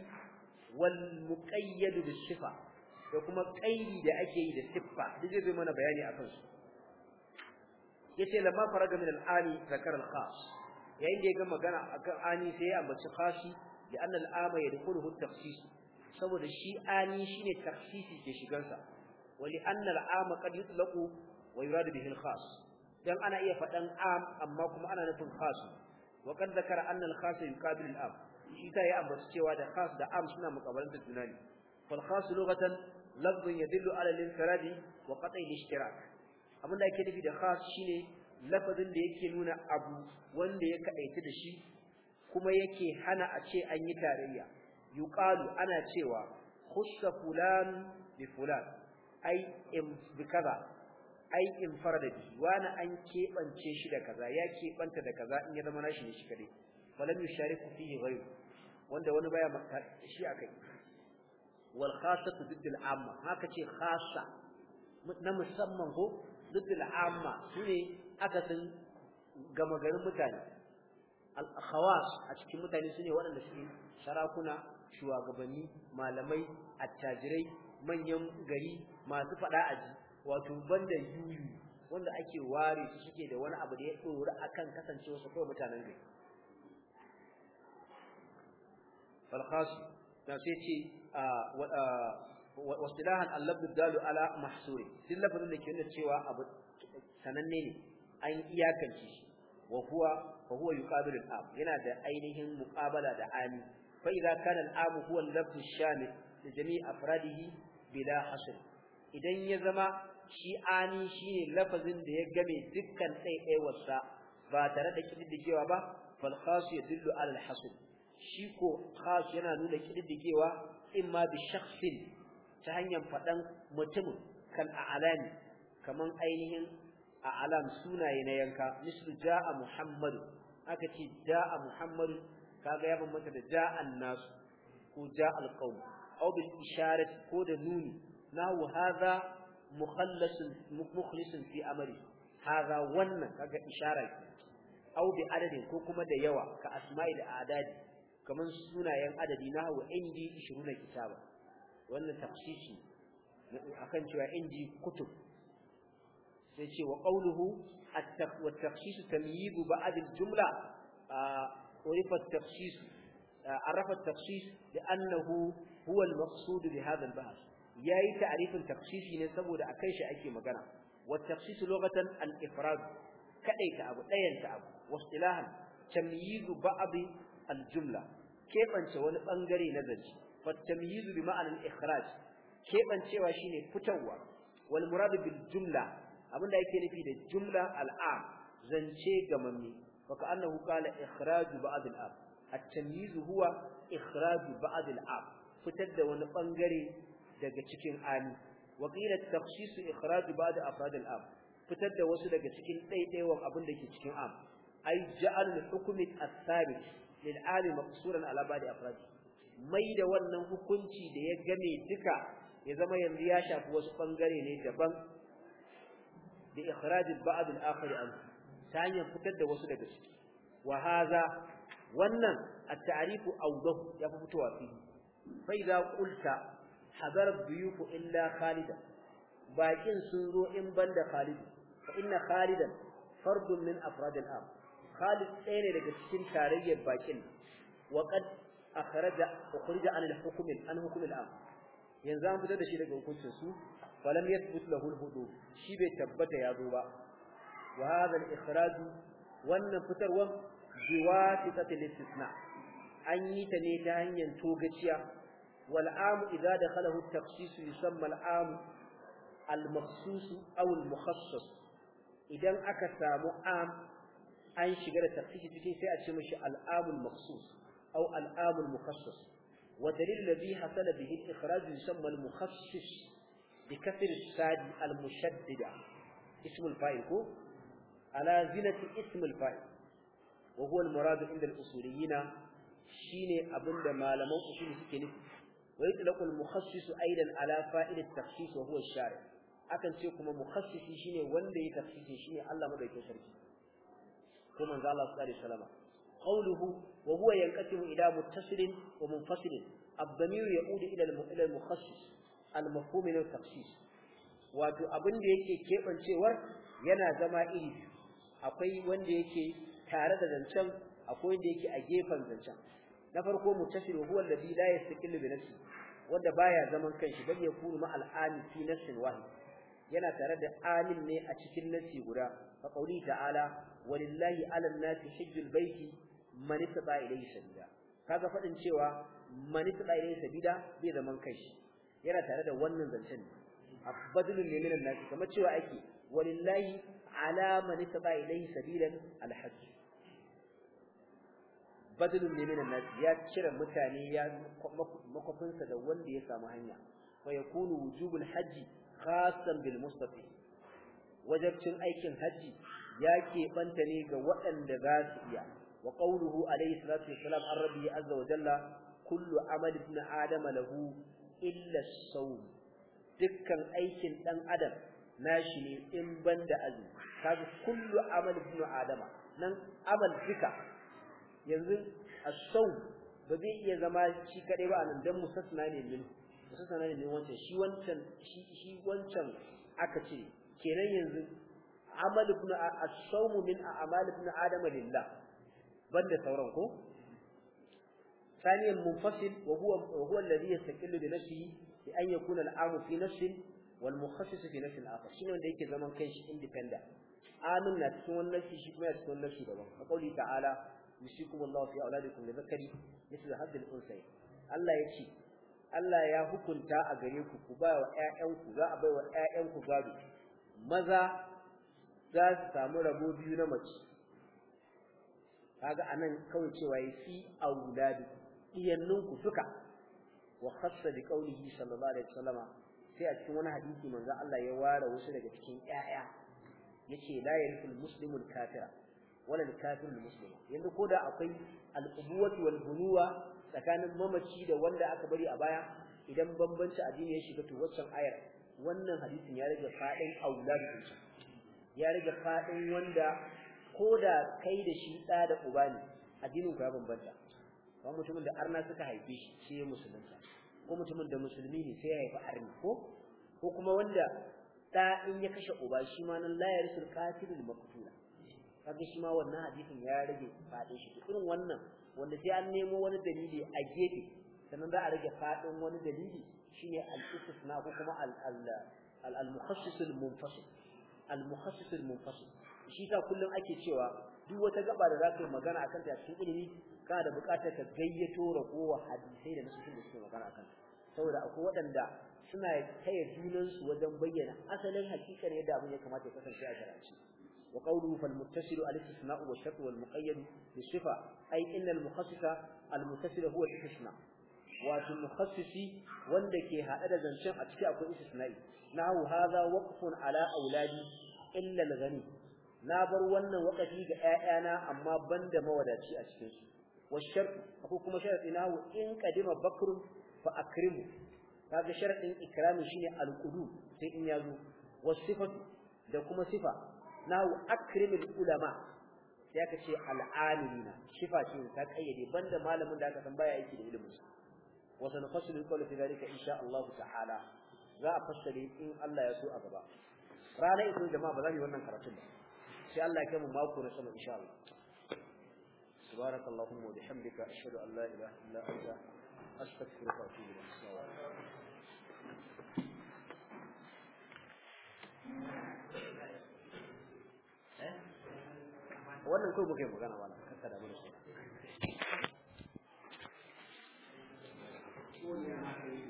wal muqayyad bis sifa da kuma qaidi da ake yi da siffa duk zai mana bayani akan su yace lamma faraga min al-ani zakar al-khas yayin da ya ga magana akan ani sai ya ambaci khasi da annal al-ama yadkhuluhu at saboda shi ani shine tafsisi ke shigansa wali anna al-ama qad yutlaqu wa yuradu bihi khas dan ana iya faɗan am amma kuma ana nufin khas wa kad zakara anna al-khas yuqabilu al-am cewa da khas da am suna muqabalantar juna ne fal lokacin lughatan lafzun yadullu ala al-infiradi wa qat'i al ake nufi da khas shine lafazin da yake nuna abu wanda ya kadaita da shi kuma yake hana a ce an yi tarayya yuqalu ana cewa khussa fulan bi fulan ai in bi kaza ai in farada bi wani an keɓance shi da kaza ya keɓanta da kaza in ya zama nashi ne shi kadai walam yushariku fihi ghayr wanda wani baya shi akai wal khassatu biddil amma haka ce khassa na musamman ko biddil amma sune san gama garin mutane al khawas a cikin mutane shine waɗanda suke sarakuna shugabanni malamai attajirai manyan gari masu fada aji wato banda yuyu wanda ake ware su suke da wani abu da ya dora akan kasancewa su kawai mutanen gari fal khas na sai ce a wasilahan allab dalu ala mahsuri din lafazin da ke nuna cewa abu sananne ne an iyakance shi wa huwa fa huwa yuqabilu al-am yana da ainihin muqabala da ami fa idza kana al-am huwa al-lafzu ash-shamil li jami' afradihi bila hasr idan ya zama shi'ani shine lafazin da ya game dukkan ɗaiɗaiwarsa ba tare da kididdigewa ba fal khas yadullu ala al hasb shi ko khas yana nuna kididdigewa imma bi shakhsin ta hanyar faɗan mutumin kan a'lani kaman ainihin a'lam sunaye na yanka mislu ja'a muhammadu aka ce ja'a muhammadu kaga ya bambanta da ja'a nas ko ja'a al-qawm aw isharati ko da nuni nahu hadha mukhlisun fi amali haza wannan kaga ishara Audu adadin ko kuma da yawa ka asma'i da adadi kaman sunayen adadi na hawa indi 20 kitaba wannan tafsiri akan cewa indi kutub sai ce wa jumla عرف التخصيص لأنه هو المقصود بهذا البحث yayi ta'rifin takhsisi ne saboda akai shi ake magana wa takhsis lughatan al ifrad kadaita abu dayanta abu wa istilahan tamyizu ba'd al jumla kebance wani bangare na zance fa tamyizu bi ma'ana al ikhraj kebancewa shine fitarwa wal murad bil jumla abinda yake nufi da jumla al am zance gamamme fa ka annahu qala ikhraj ba'd al am at tamyizu huwa ikhraj ba'd al am fitar da wani bangare daga cikin ami wa qila takhsis ikhraj ba'd afrad al-am fitar da wasu daga cikin daidaiwan abin da ke cikin am ai ja'al al-hukm al-thabit lil ami maqsuran ala ba'd afrad mai da wannan hukunci da ya game duka ya zama yanzu ya shafi wasu bangare ne daban da ikhraj ba'd al-akhir am ta hanyar fitar da wasu daga ciki wa hadha wannan at-ta'rifu awdahu ya fitowa fi fa idza kulta. hadar duyufu illa khalidan bakin sun zo in banda khalid fa inna khalidan fardun min afrad al-am khalid ɗaya ne daga cikin tarayyar bakin wa qad akhraja ukhrija an an hukm al yanzu an fitar da shi daga hukuncin su falam yathbut lahu al-hudu shi bai tabbata ya zo ba wa hadha wannan fitarwar biwasitati al an yi ta ne ta hanyar togaciya Wal'amu am idza dakhalahu at-takhsis yusamma al am al idan aka samu am an shiga da takhsisi cikin sai a ce mishi al am al makhsus aw al am al mukhassas wa dalil al الساد المشددة اسم الفاعل على زينة اسم الفاعل وهو المراد عند الأصوليين شيني أبن ما لم أصول سكيني ويطلق المخصص أيضا على فائدة التخصيص وهو الشارع akan ce kuma mukhassisi shine wanda ya tafsiri shine Allah madaukakin sarki ko manzo Allah sallallahu alaihi wasallam qawluhu wa huwa yanqasimu ila muttasilin wa munfasilin ad-damir yaudu ila ila al-mukhassis al-mafhum min al-takhsis wato abin da yake kebancewar yana zama iri akwai wanda yake tare da zancen akwai wanda yake a gefen zancen na farko muttasil huwa alladhi la yastaqillu bi nafsihi wanda baya zaman kanshi bal yakunu ma al'ami fi nafsin wahid yana tare da alim ne a cikin nafsi guda fa qauli ta'ala walillahi 'ala an-nasi hajjul baiti man istata ilayhi sabila kaga fadin cewa man istata ilayhi sabila bai zaman kanshi yana tare da wannan zancen abadulun ne minan nasi kamar cewa ake walillahi ala man istata ilayhi sabilan al-hajj badalun ne minan nas ya cire mutane ya makofinsa da wanda ya samu hanya fa yakunu wujubul hajji khasan bil mustafi wajabcin aikin haji ya keɓanta ne ga waɗanda za su iya wa qawluhu alayhi salatu wassalam an azza wa jalla kullu amali ibn adama lahu illa as-sawm dukkan aikin dan adam nashi ne in banda azumi kaga kullu amali ibn adama nan amal duka yanzu asau ba zai iya zama shi kadai ba nan dan musassana ne min musassana ne wancan shi wancan shi shi wancan aka ce kenan yanzu amal ibn as min a'mal ibn adam lillah banda sauran ko ثانيا منفصل وهو وهو الذي يستقل بنفسه بأن يكون العام في نفس والمخصص في نفس الآخر شنو wanda yake zaman kanshi independent amin na cikin wannan shi shi kuma cikin wannan shi daban ta'ala yusikum Allahu fi auladikum li zakari mislu haddil unsay Allah yace Allah ya hukunta a gare ku ku ba wa ƴaƴanku za a bai wa ƴaƴanku gado maza za su samu rabo biyu na mace kaga anan kawai cewa ya fi auladi iyanninku duka wa khassa bi qawlihi sallallahu alaihi sai a cikin wani hadisi manzo Allah ya ware wasu daga cikin ƴaƴa yace la yarful muslimul kafira wala al-kafir al-muslim yanda koda akwai al-ubuwati wal bunuwa tsakanin mamaci da wanda aka bari a baya idan bambanci addini ya shiga to waccan ayar wannan hadisin ya rage fadin auladin shi ya rage fadin wanda koda kai da shi da da uba ne addinin ku ya bambanta ba mutumin da arna suka haife shi sai ya musulunta ko mutumin da musulmi ne sai ya haifi arni ko ko kuma wanda da in ya kashe uba shi ma nan la yarisul qatilul maqtula kaga shi ma wannan hadisin ya rage faɗin shi irin wannan wanda sai an nemo wani dalili a gefe sannan za a rage fadin wani dalili shine al-istisna ko kuma al-mukhassis al-munfasil al-mukhassis al-munfasil shi ta kullum ake cewa duk wata gaba da zaka magana akan ta cikin ilimi kana da bukatar ka gayyato ragowa hadisai da nasu da suke magana akan saboda akwai waɗanda suna taya junansu wajen bayyana asalin hakikar yadda abin ya kamata ya kasance a shari'a وقوله فالمتصل الاستثناء والشرط والمقيد بالصفة أي إن المخصص المتصل هو الاستثناء wato mukhassisi wanda ke haɗa da zancen a ciki akwai istisna'i nahu hadha waqfun ala auladi illa al-ghani na bar wannan wakati ga 'ya'yana amma banda mawadaci a cikin su washar akwai kuma sharadi nahu in kadima bakr fa akrimu kaga sharadin ikrami shine al-qudu sai in yazo wasifatu da kuma sifa ناو أكرم العلماء سياك الشيء العالمين شفا شيء كان أيدي بند ما لم ندعك تنبايا إيكي لإلم وسنفصل القول في ذلك إن شاء الله تعالى غا فصل إن الله يسوء أبدا رانا إذن جماعة بذلك ونن كرتل شاء الله كم موقع نسمع إن شاء الله سبارك اللهم وبحمدك أشهد أن لا إله إلا أنت أستغفرك وأتوب إليك wannan ko muke magana wala kasa da mun shi